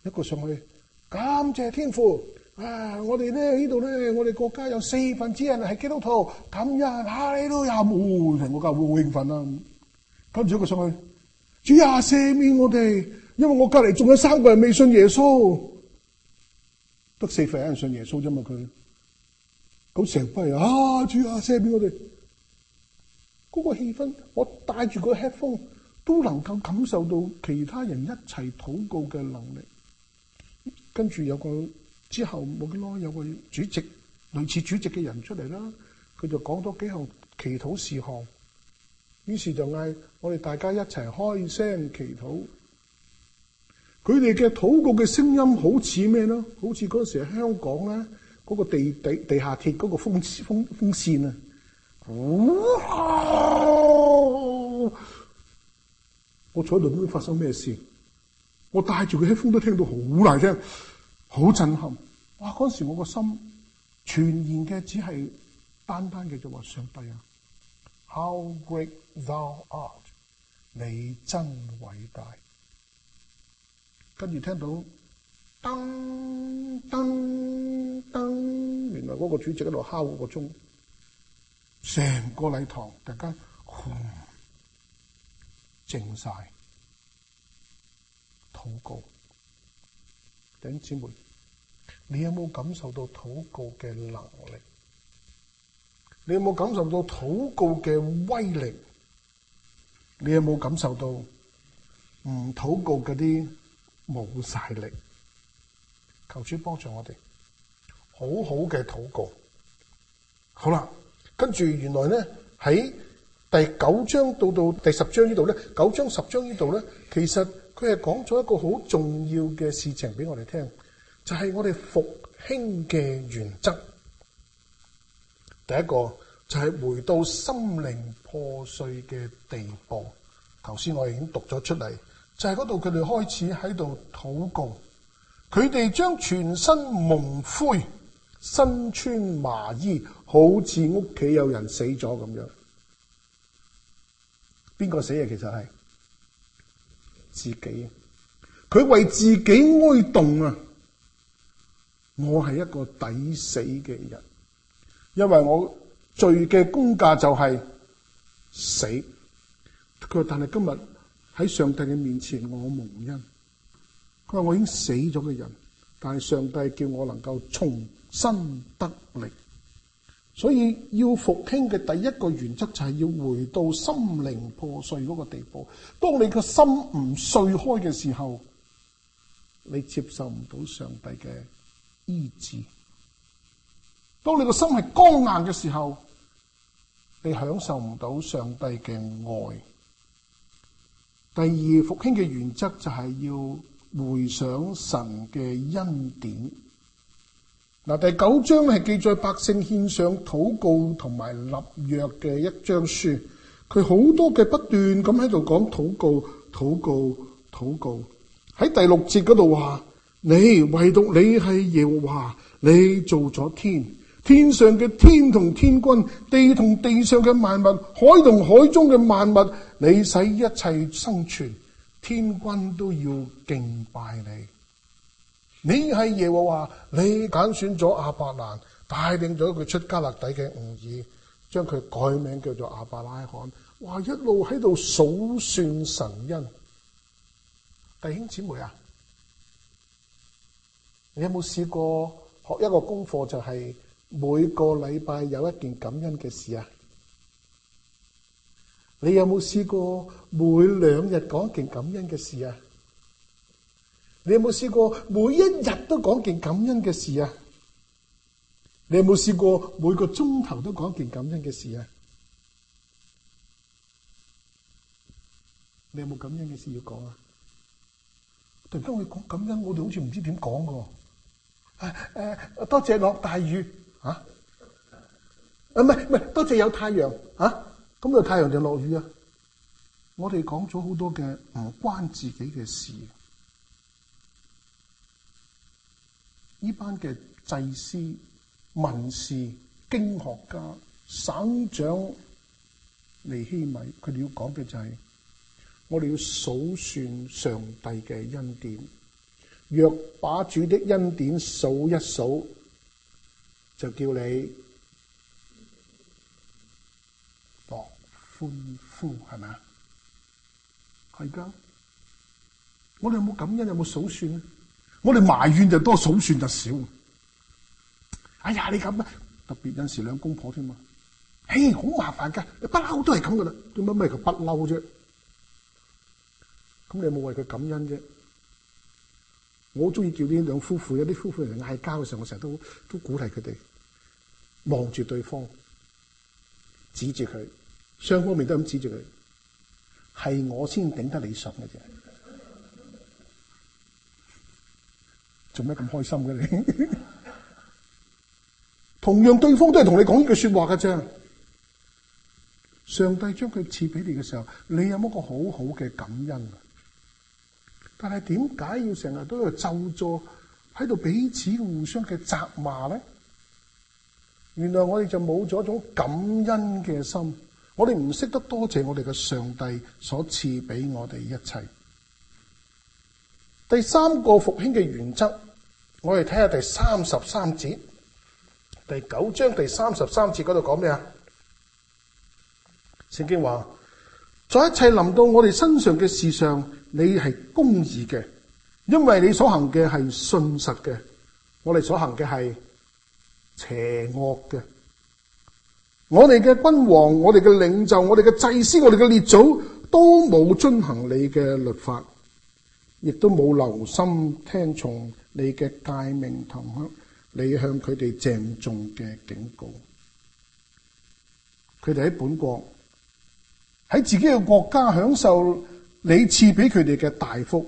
一個上去感謝天父。啊！我哋咧呢度咧，我哋國家有四分之一係基督徒咁人，吓你都入，成個國家會興奮啦、啊。跟住一個上去，主啊，赦免我哋，因為我隔籬仲有三個人未信耶穌，得四分一人信耶穌啫嘛。佢咁成批啊，主啊，赦免我哋。嗰個氣氛，我戴住個 headphone 都能夠感受到其他人一齊禱告嘅能力。跟住有個。之後冇幾耐有個主席，類似主席嘅人出嚟啦，佢就講咗幾項祈禱事項，於是就嗌我哋大家一齊開聲祈禱。佢哋嘅禱告嘅聲音好似咩咯？好似嗰時喺香港咧，嗰個地地地下鐵嗰個風風風扇啊！我坐喺度都唔知發生咩事，我戴住佢喺風都聽到好大聲。好震撼！哇！嗰時我個心傳言嘅只係單單嘅就話、是、上帝啊，How great Thou art！你真偉大。跟住聽到噔噔噔、噔，原來嗰個主席喺度敲嗰個鐘，成個禮堂大家哼靜晒，禱告。弟兄姊妹，你有冇感受到禱告嘅能力？你有冇感受到禱告嘅威力？你有冇感受到唔禱告嗰啲冇晒力？求主幫助我哋好好嘅禱告。好啦，跟住原來咧喺第九章到到第十章呢度咧，九章十章呢度咧，其實。佢係講咗一個好重要嘅事情俾我哋聽，就係我哋復興嘅原則。第一個就係回到心靈破碎嘅地步。頭先我哋已經讀咗出嚟，就係嗰度佢哋開始喺度禱告，佢哋將全身蒙灰，身穿麻衣，好似屋企有人死咗咁樣。邊個死嘅其實係？自己，啊，佢為自己哀動啊！我係一個抵死嘅人，因為我罪嘅工價就係死。佢話，但係今日喺上帝嘅面前，我蒙恩。佢話，我已經死咗嘅人，但係上帝叫我能夠重新得力。所以要復興嘅第一個原則就係要回到心靈破碎嗰個地步。當你個心唔碎開嘅時候，你接受唔到上帝嘅醫治；當你個心係剛硬嘅時候，你享受唔到上帝嘅愛。第二，復興嘅原則就係要回想神嘅恩典。嗱，第九章係記載百姓獻上禱告同埋立約嘅一章書，佢好多嘅不斷咁喺度講禱告、禱告、禱告。喺第六節嗰度話：你唯獨你係耶和華，你做咗天，天上嘅天同天君，地同地上嘅萬物，海同海中嘅萬物，你使一切生存，天君都要敬拜你。你係耶和華，你揀選咗亞伯蘭，帶領咗佢出迦勒底嘅吾珥，將佢改名叫做亞伯拉罕。哇！一路喺度數算神恩，弟兄姊妹啊，你有冇試過學一個功課？就係每個禮拜有一件感恩嘅事啊！你有冇試過每兩日講一件感恩嘅事啊？你有冇試過每一日都講件感恩嘅事啊？你有冇試過每個鐘頭都講件感恩嘅事啊？你有冇感恩嘅事要講啊？突然間我講感恩，我哋好似唔知點講噶。誒誒，多謝落大雨啊！啊，唔係唔係，多謝有太陽啊！咁啊，太陽就落雨啊？我哋講咗好多嘅唔關自己嘅事。呢班嘅祭司、文士、經學家、省長尼希米，佢哋要講嘅就係、是：我哋要數算上帝嘅恩典。若把主的恩典數一數，就叫你博歡呼，係咪？係㗎，我哋有冇感恩？有冇數算啊？我哋埋怨就多，數算就少。哎呀，你咁啊！特別有時兩公婆添啊，嘿，好麻煩噶，你不嬲都係咁噶啦。做乜咩佢不嬲啫？咁你有冇為佢感恩啫？我好中意叫呢兩夫婦、有啲夫婦嚟嗌交嘅時候，我成日都都鼓勵佢哋望住對方，指住佢，雙方面都咁指住佢，係我先頂得你順嘅啫。做咩咁開心嘅你？同樣對方都係同你講呢句說話嘅啫。上帝將佢賜俾你嘅時候，你有冇個好好嘅感恩啊？但係點解要成日都要咒詛喺度彼此互相嘅責罵咧？原來我哋就冇咗一種感恩嘅心，我哋唔識得多謝我哋嘅上帝所賜俾我哋一切。第三個復興嘅原則。我哋睇下第三十三節第九章第三十三節嗰度講咩啊？聖經話：在一切臨到我哋身上嘅事上，你係公義嘅，因為你所行嘅係信實嘅。我哋所行嘅係邪惡嘅。我哋嘅君王，我哋嘅領袖，我哋嘅祭司，我哋嘅列祖，都冇遵行你嘅律法，亦都冇留心聽從。你嘅誡命同鄉，你向佢哋鄭重嘅警告，佢哋喺本國，喺自己嘅國家享受你賜俾佢哋嘅大福，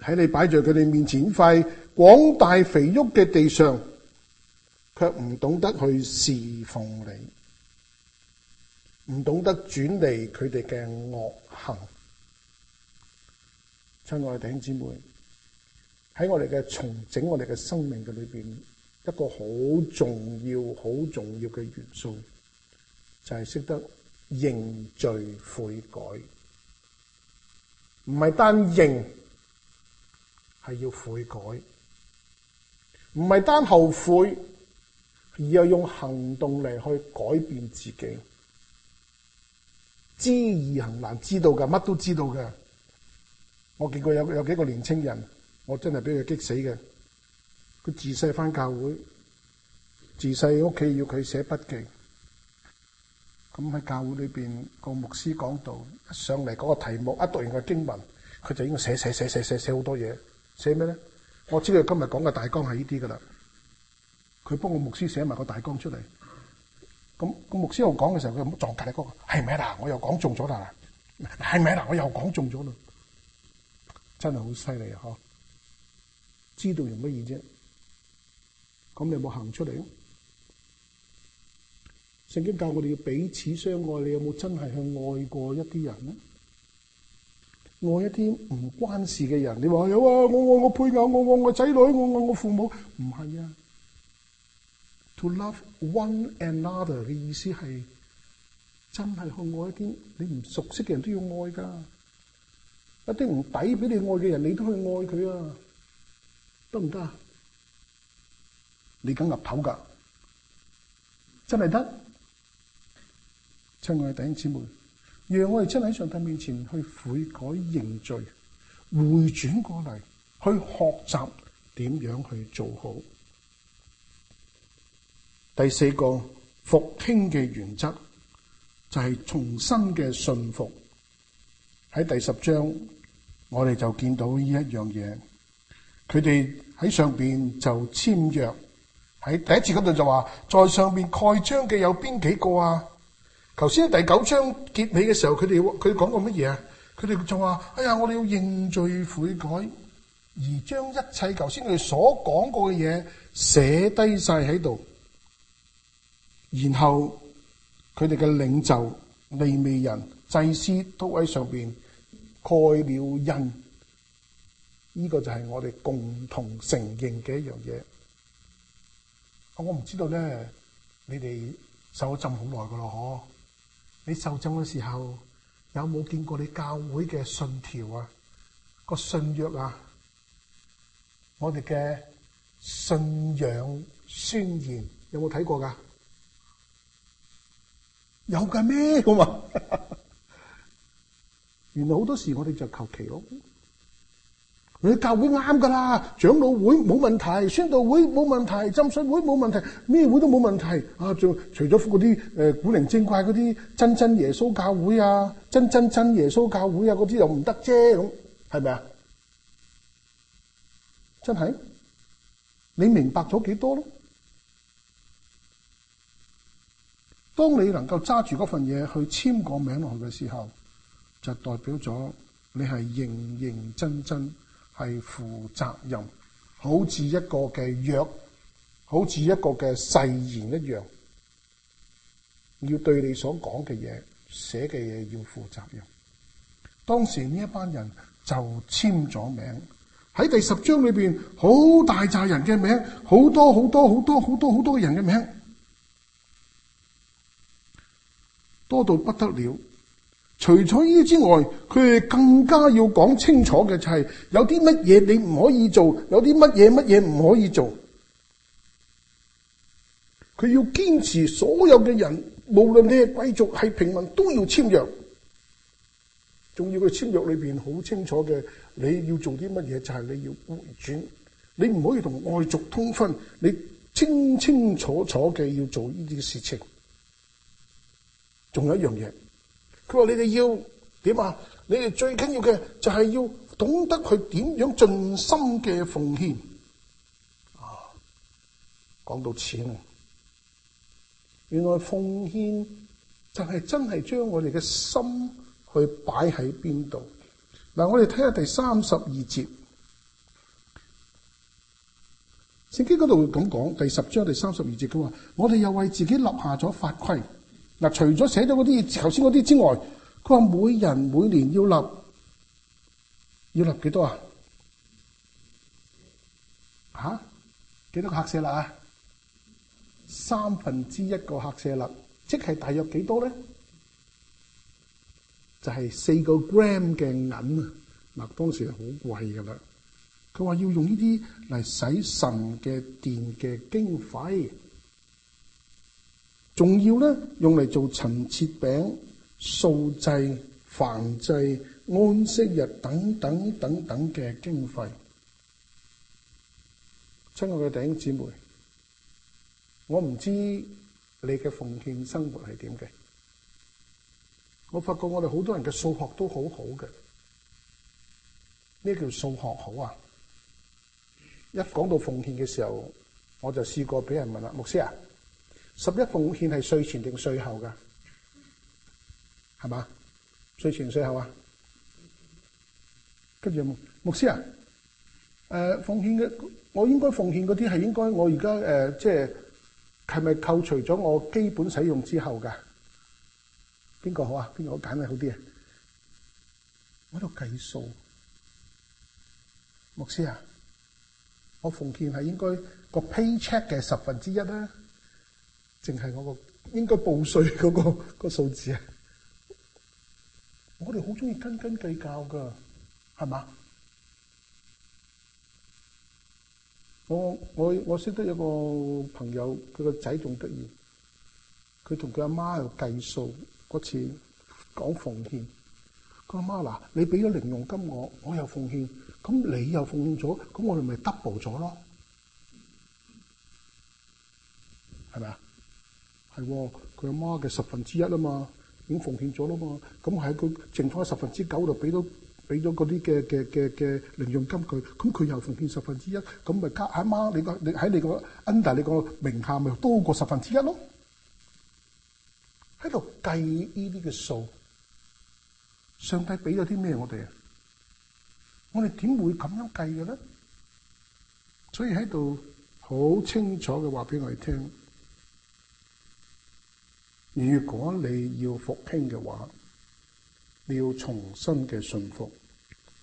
喺你擺在佢哋面前塊廣大肥沃嘅地上，卻唔懂得去侍奉你，唔懂得轉離佢哋嘅惡行，親愛嘅弟兄姊妹。喺我哋嘅重整我哋嘅生命嘅裏邊，一個好重要、好重要嘅元素就係、是、識得認罪悔改，唔係單認，係要悔改，唔係單後悔，而要用行動嚟去改變自己。知易行難，知道嘅，乜都知道嘅。我見過有有幾個年青人。我真係俾佢激死嘅。佢自細返教會，自細屋企要佢寫筆記。咁喺教會裏邊個牧師講道一上嚟嗰個題目一讀完個經文，佢就應該寫寫寫寫寫好多嘢。寫咩咧？我知道佢今日講嘅大綱係呢啲㗎啦。佢幫我牧師寫埋個大綱出嚟。咁咁牧師又講嘅時候，佢撞界啦嗰個係咪啦？我又講中咗啦。係咪啦？我又講中咗啦。真係好犀利啊！呵～知道有乜嘢啫？咁你有冇行出嚟咧？聖經教我哋要彼此相愛。你有冇真係去愛過一啲人咧？愛一啲唔關事嘅人，你話有啊？我愛我配偶，我愛我仔女，我愛我父母，唔係啊。To love one another 嘅意思係真係去愛一啲你唔熟悉嘅人都要愛㗎，一啲唔抵俾你愛嘅人，你都去愛佢啊！得唔得？你敢岌頭噶？真係得？親愛的弟兄姊妹，讓我哋真係喺上帝面前去悔改認罪，回轉過嚟去學習點樣去做好。第四個復興嘅原則就係重新嘅信服。喺第十章，我哋就見到呢一樣嘢，佢哋。喺上邊就簽約，喺第一次嗰度就話，在上邊蓋章嘅有邊幾個啊？頭先第九章結尾嘅時候，佢哋佢哋講過乜嘢啊？佢哋就話，哎呀，我哋要認罪悔改，而將一切頭先佢哋所講過嘅嘢寫低晒喺度，然後佢哋嘅領袖利未人祭司都喺上邊蓋了印。呢個就係我哋共同承認嘅一樣嘢。我唔知道咧，你哋受咗浸好耐噶啦，嗬？你受浸嘅時候有冇見過你教會嘅信條啊？個信約啊？我哋嘅信仰宣言有冇睇過㗎？有㗎咩咁啊？原來好多時我哋就求其咯。你教會啱噶啦，長老會冇問題，宣道會冇問題，浸信會冇問題，咩會都冇問題。啊，仲除咗啲誒古靈精怪嗰啲真真耶穌教會啊，真真真耶穌教會啊嗰啲又唔得啫，咁係咪啊？真係，你明白咗幾多咯？當你能夠揸住嗰份嘢去簽個名落去嘅時候，就代表咗你係認認真真。係負責任，好似一個嘅約，好似一個嘅誓言一樣，要對你所講嘅嘢、寫嘅嘢要負責任。當時呢一班人就簽咗名，喺第十章裏邊好大扎人嘅名，好多好多好多好多好多嘅人嘅名，多到不得了。除咗呢啲之外，佢哋更加要講清楚嘅就係有啲乜嘢你唔可以做，有啲乜嘢乜嘢唔可以做。佢要堅持所有嘅人，無論你係貴族係平民，都要簽約。仲要佢簽約裏邊好清楚嘅，你要做啲乜嘢就係你要回轉，你唔可以同外族通婚，你清清楚楚嘅要做呢啲事情。仲有一樣嘢。佢話你哋要點啊？你哋最緊要嘅就係要懂得佢點樣盡心嘅奉獻。啊，講到錢啊，原來奉獻就係真係將我哋嘅心去擺喺邊度。嗱，啊，我哋睇下第三十二節，聖經嗰度咁講，第十章第三十二節佢話：我哋又為自己立下咗法規。嗱，除咗寫咗嗰啲頭先嗰啲之外，佢話每人每年要立要立幾多啊？嚇、啊？幾多個舍客勒啊？三分之一個舍客勒，即係大約幾多咧？就係、是、四個 gram 嘅銀啊！嗱，當時好貴噶啦。佢話要用呢啲嚟使神嘅殿嘅經費。仲要咧用嚟做陳設餅、素祭、燔祭、安息日等等等等嘅經費。親愛嘅弟兄姊妹，我唔知你嘅奉獻生活係點嘅。我發覺我哋好多人嘅數學都好好嘅，咩叫數學好啊？一講到奉獻嘅時候，我就試過俾人問啦，牧師啊。十一奉獻係稅前定稅後噶，係嘛？稅前稅後啊？跟住牧師啊，誒、呃、奉獻嘅我應該奉獻嗰啲係應該我而家誒，即係係咪扣除咗我基本使用之後嘅邊個好啊？邊個簡單好啲啊？我喺度計數，牧師啊，我奉獻係應該個 pay check 嘅十分之一啦、啊。淨係嗰個應該報稅嗰個個數字啊！我哋好中意斤斤計較噶，係嘛？我我我識得有個朋友，佢個仔仲得意，佢同佢阿媽又計數，嗰次講奉獻。佢阿媽嗱，你俾咗零用金我，我又奉獻，咁你又奉獻咗，咁我哋咪 double 咗咯？係咪啊？係喎，佢阿媽嘅十分之一啊嘛，已經奉獻咗喇嘛。咁喺佢淨翻十分之九度俾咗俾咗嗰啲嘅嘅嘅嘅零用金佢。咁佢又奉獻十分之一，咁咪加阿媽你個你喺你個 under 你個名下咪多過十分之一咯。喺度計呢啲嘅數，上帝俾咗啲咩我哋啊？我哋點會咁樣計嘅咧？所以喺度好清楚嘅話俾我哋聽。如果你要復興嘅話，你要重新嘅順服，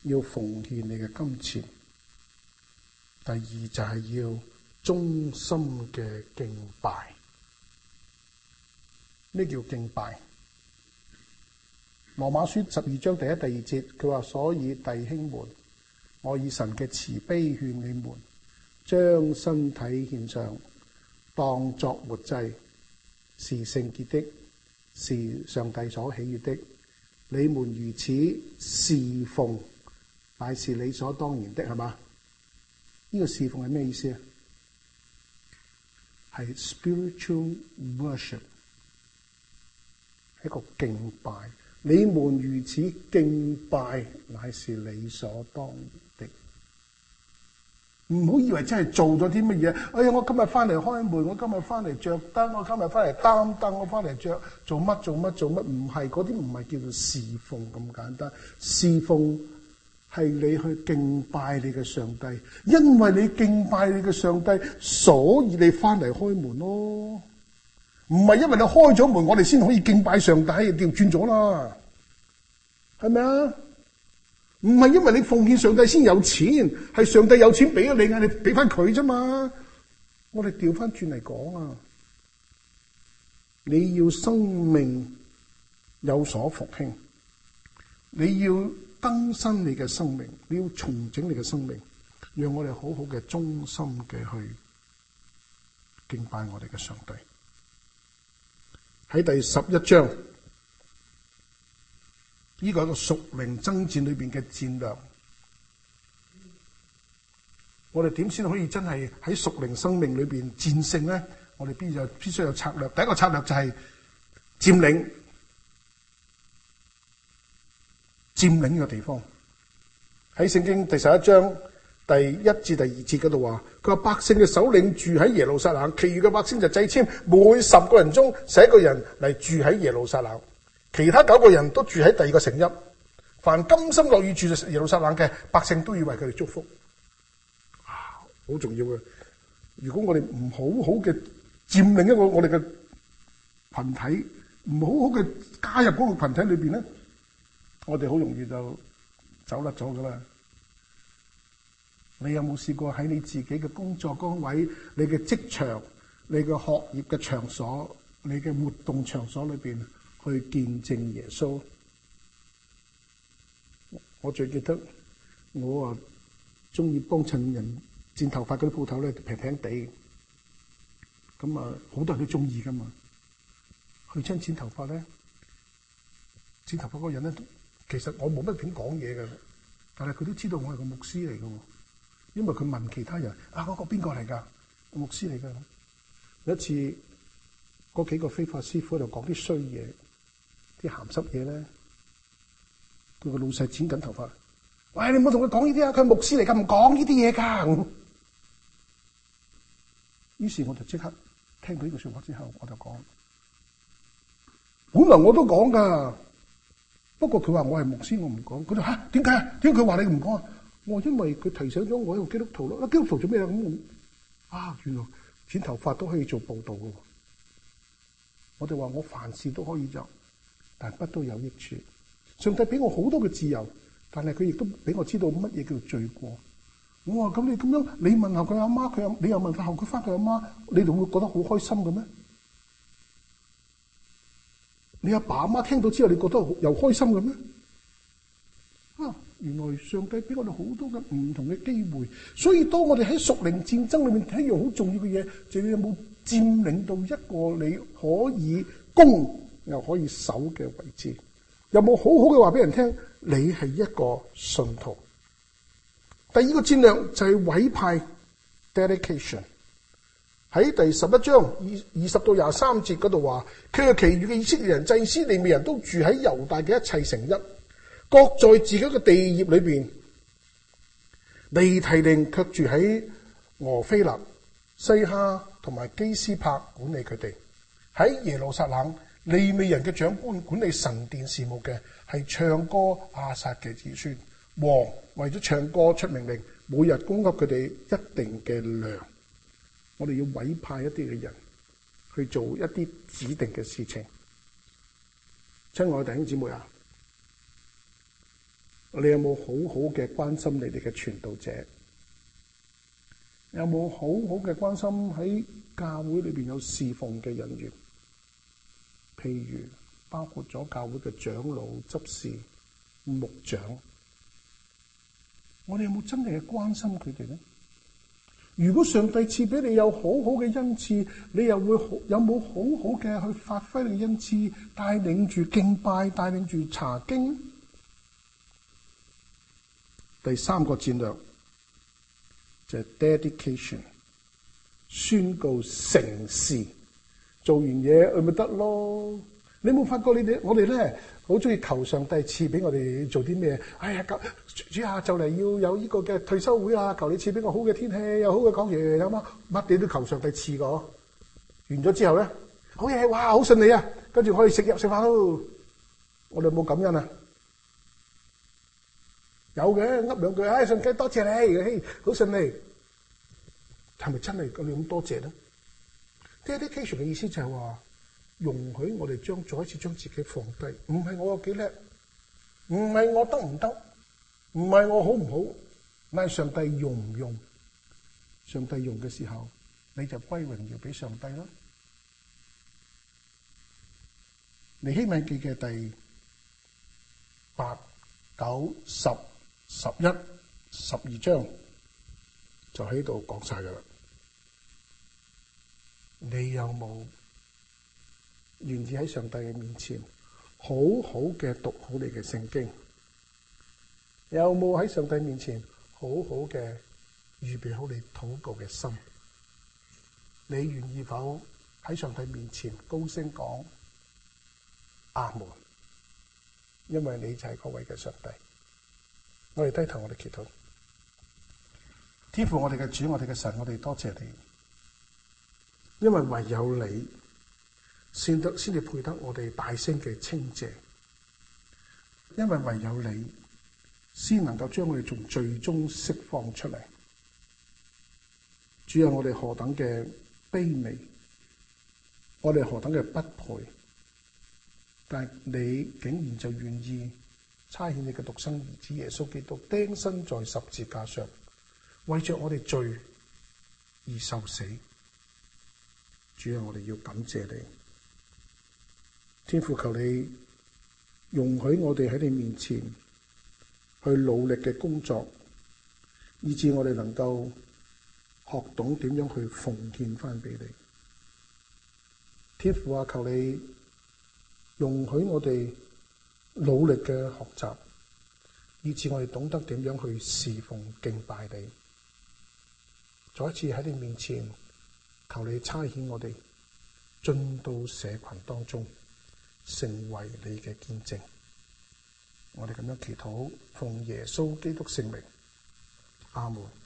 要奉獻你嘅金錢。第二就係要忠心嘅敬拜，呢叫敬拜。羅馬書十二章第一第二節，佢話：所以弟兄們，我以神嘅慈悲勸你們，將身體獻上，當作活祭。是聖潔的，是上帝所喜悅的。你們如此侍奉，乃是理所當然的，係嘛？呢、這個侍奉係咩意思啊？係 spiritual worship，係一個敬拜。你們如此敬拜，乃是理所當然。唔好以為真係做咗啲乜嘢。哎呀，我今日翻嚟開門，我今日翻嚟着燈，我今日翻嚟擔燈，我翻嚟着。做乜做乜做乜？唔係嗰啲，唔係叫做侍奉咁簡單。侍奉係你去敬拜你嘅上帝，因為你敬拜你嘅上帝，所以你翻嚟開門咯。唔係因為你開咗門，我哋先可以敬拜上帝，掉轉咗啦。係咪啊？唔係因為你奉獻上帝先有錢，係上帝有錢俾咗你，你俾翻佢啫嘛。我哋調翻轉嚟講啊，你要生命有所復興，你要更新你嘅生命，你要重整你嘅生命，讓我哋好好嘅、衷心嘅，去敬拜我哋嘅上帝。喺第十一章。呢個係個屬靈爭戰裏邊嘅戰略。我哋點先可以真係喺屬靈生命裏邊戰勝咧？我哋必須必須有策略。第一個策略就係佔領佔領呢個地方。喺聖經第十一章第一至第二節嗰度話，佢話百姓嘅首領住喺耶路撒冷，其餘嘅百姓就祭籤，每十個人中十一個人嚟住喺耶路撒冷。其他九個人都住喺第二個城邑，凡甘心樂意住在耶路撒冷嘅百姓，都要為佢哋祝福。啊，好重要嘅。如果我哋唔好好嘅佔領一個我哋嘅群體，唔好好嘅加入嗰個群體裏邊咧，我哋好容易就走甩咗噶啦。你有冇試過喺你自己嘅工作崗位、你嘅職場、你嘅學業嘅場所、你嘅活動場所裏邊？去見證耶穌。我最記得我啊，中意幫襯人剪頭髮嗰啲鋪頭咧，平平地。咁啊，好多人都中意噶嘛。去親剪頭髮咧，剪頭髮嗰人咧，其實我冇乜點講嘢㗎，但係佢都知道我係個牧師嚟㗎。因為佢問其他人：啊，嗰個邊個嚟㗎？牧師嚟㗎。有一次，嗰幾個非法師傅喺度講啲衰嘢。咸濕嘢咧，佢個老細剪緊頭髮，喂你唔好同佢講呢啲啊！佢係牧師嚟噶，唔講呢啲嘢噶。 於是我就即刻聽到呢個説話之後，我就講：本來我都講噶，不過佢話我係牧師，我唔講。佢就吓，點解啊？點解佢話你唔講？我因為佢提醒咗我係基督徒咯。基督徒做咩咁啊，原來剪頭髮都可以做佈道噶。我就話我凡事都可以做。但不都有益處。上帝俾我好多嘅自由，但係佢亦都俾我知道乜嘢叫做罪過。我話咁，你咁樣你問下佢阿媽，佢又你又問下佢翻佢阿媽，你仲會覺得好開心嘅咩？你阿爸阿媽，媽聽到之後，你覺得又開心嘅咩？啊，原來上帝俾我哋好多嘅唔同嘅機會，所以當我哋喺屬靈戰爭裏面睇一樣好重要嘅嘢，就係你有冇佔領到一個你可以攻。又可以守嘅位置，有冇好好嘅話俾人聽？你係一個信徒。第二個戰略就係委派 dedication。喺第十一章二二十到廿三節嗰度話：佢嘅其餘嘅以色列人祭司利未人都住喺猶大嘅一切城邑，各在自己嘅地業裏邊。尼提寧卻住喺俄非勒、西哈同埋基斯帕管理佢哋喺耶路撒冷。利未人嘅長官管理神殿事務嘅，係唱歌亞薩嘅子孫，王為咗唱歌出命令，每日供給佢哋一定嘅糧。我哋要委派一啲嘅人，去做一啲指定嘅事情。親愛嘅弟兄姊妹啊，你有冇好好嘅關心你哋嘅傳道者？有冇好好嘅關心喺教會裏面有侍奉嘅人員？譬如包括咗教會嘅長老、執事、牧長，我哋有冇真正嘅關心佢哋呢？如果上帝賜俾你有好好嘅恩賜，你又會有冇好好嘅去發揮你嘅恩賜，帶領住敬拜，帶領住查經？第三個戰略就係 dedication，宣告成事。做完嘢佢咪得咯？你有冇發覺呢啲我哋咧好中意求上帝賜俾我哋做啲咩？哎呀，主啊，就嚟要有呢個嘅退休會啊！求你賜俾我好嘅天氣，有好嘅講嘢，有乜乜嘢都求上帝賜個。完咗之後咧，好嘢！哇，好順利啊！跟住可以食藥食飯咯。我哋有冇感恩啊？有嘅噏兩句，哎，神經多謝你，嘿，好順利。係咪真係咁多謝咧？dedication 嘅意思就係話容許我哋將再一次將自己放低，唔係我有幾叻，唔係我得唔得，唔係我好唔好，但係上帝容唔容？上帝容嘅時候，你就歸榮耀俾上帝啦。尼希米記嘅第八、九、十、十一、十二章就喺度講晒噶啦。你有冇願意喺上帝嘅面前好好嘅讀好你嘅聖經？有冇喺上帝面前好好嘅預備好你禱告嘅心？你願意否喺上帝面前高聲講阿門？因為你就係各位嘅上帝。我哋低頭我，我哋祈禱，天父，我哋嘅主，我哋嘅神，我哋多謝你。因為唯有你先得，先至配得我哋大聲嘅稱謝，因為唯有你先能夠將我哋從罪中釋放出嚟。主啊，我哋何等嘅卑微，我哋何等嘅不配，但係你竟然就願意差遣你嘅獨生兒子耶穌基督釘身在十字架上，為著我哋罪而受死。主要我哋要感謝你，天父，求你容許我哋喺你面前去努力嘅工作，以致我哋能夠學懂點樣去奉獻翻俾你。天父啊，求你容許我哋努力嘅學習，以致我哋懂得點樣去侍奉敬拜你。再一次喺你面前。求你差遣我哋進到社群當中，成為你嘅見證。我哋咁樣祈禱，奉耶穌基督聖名，阿門。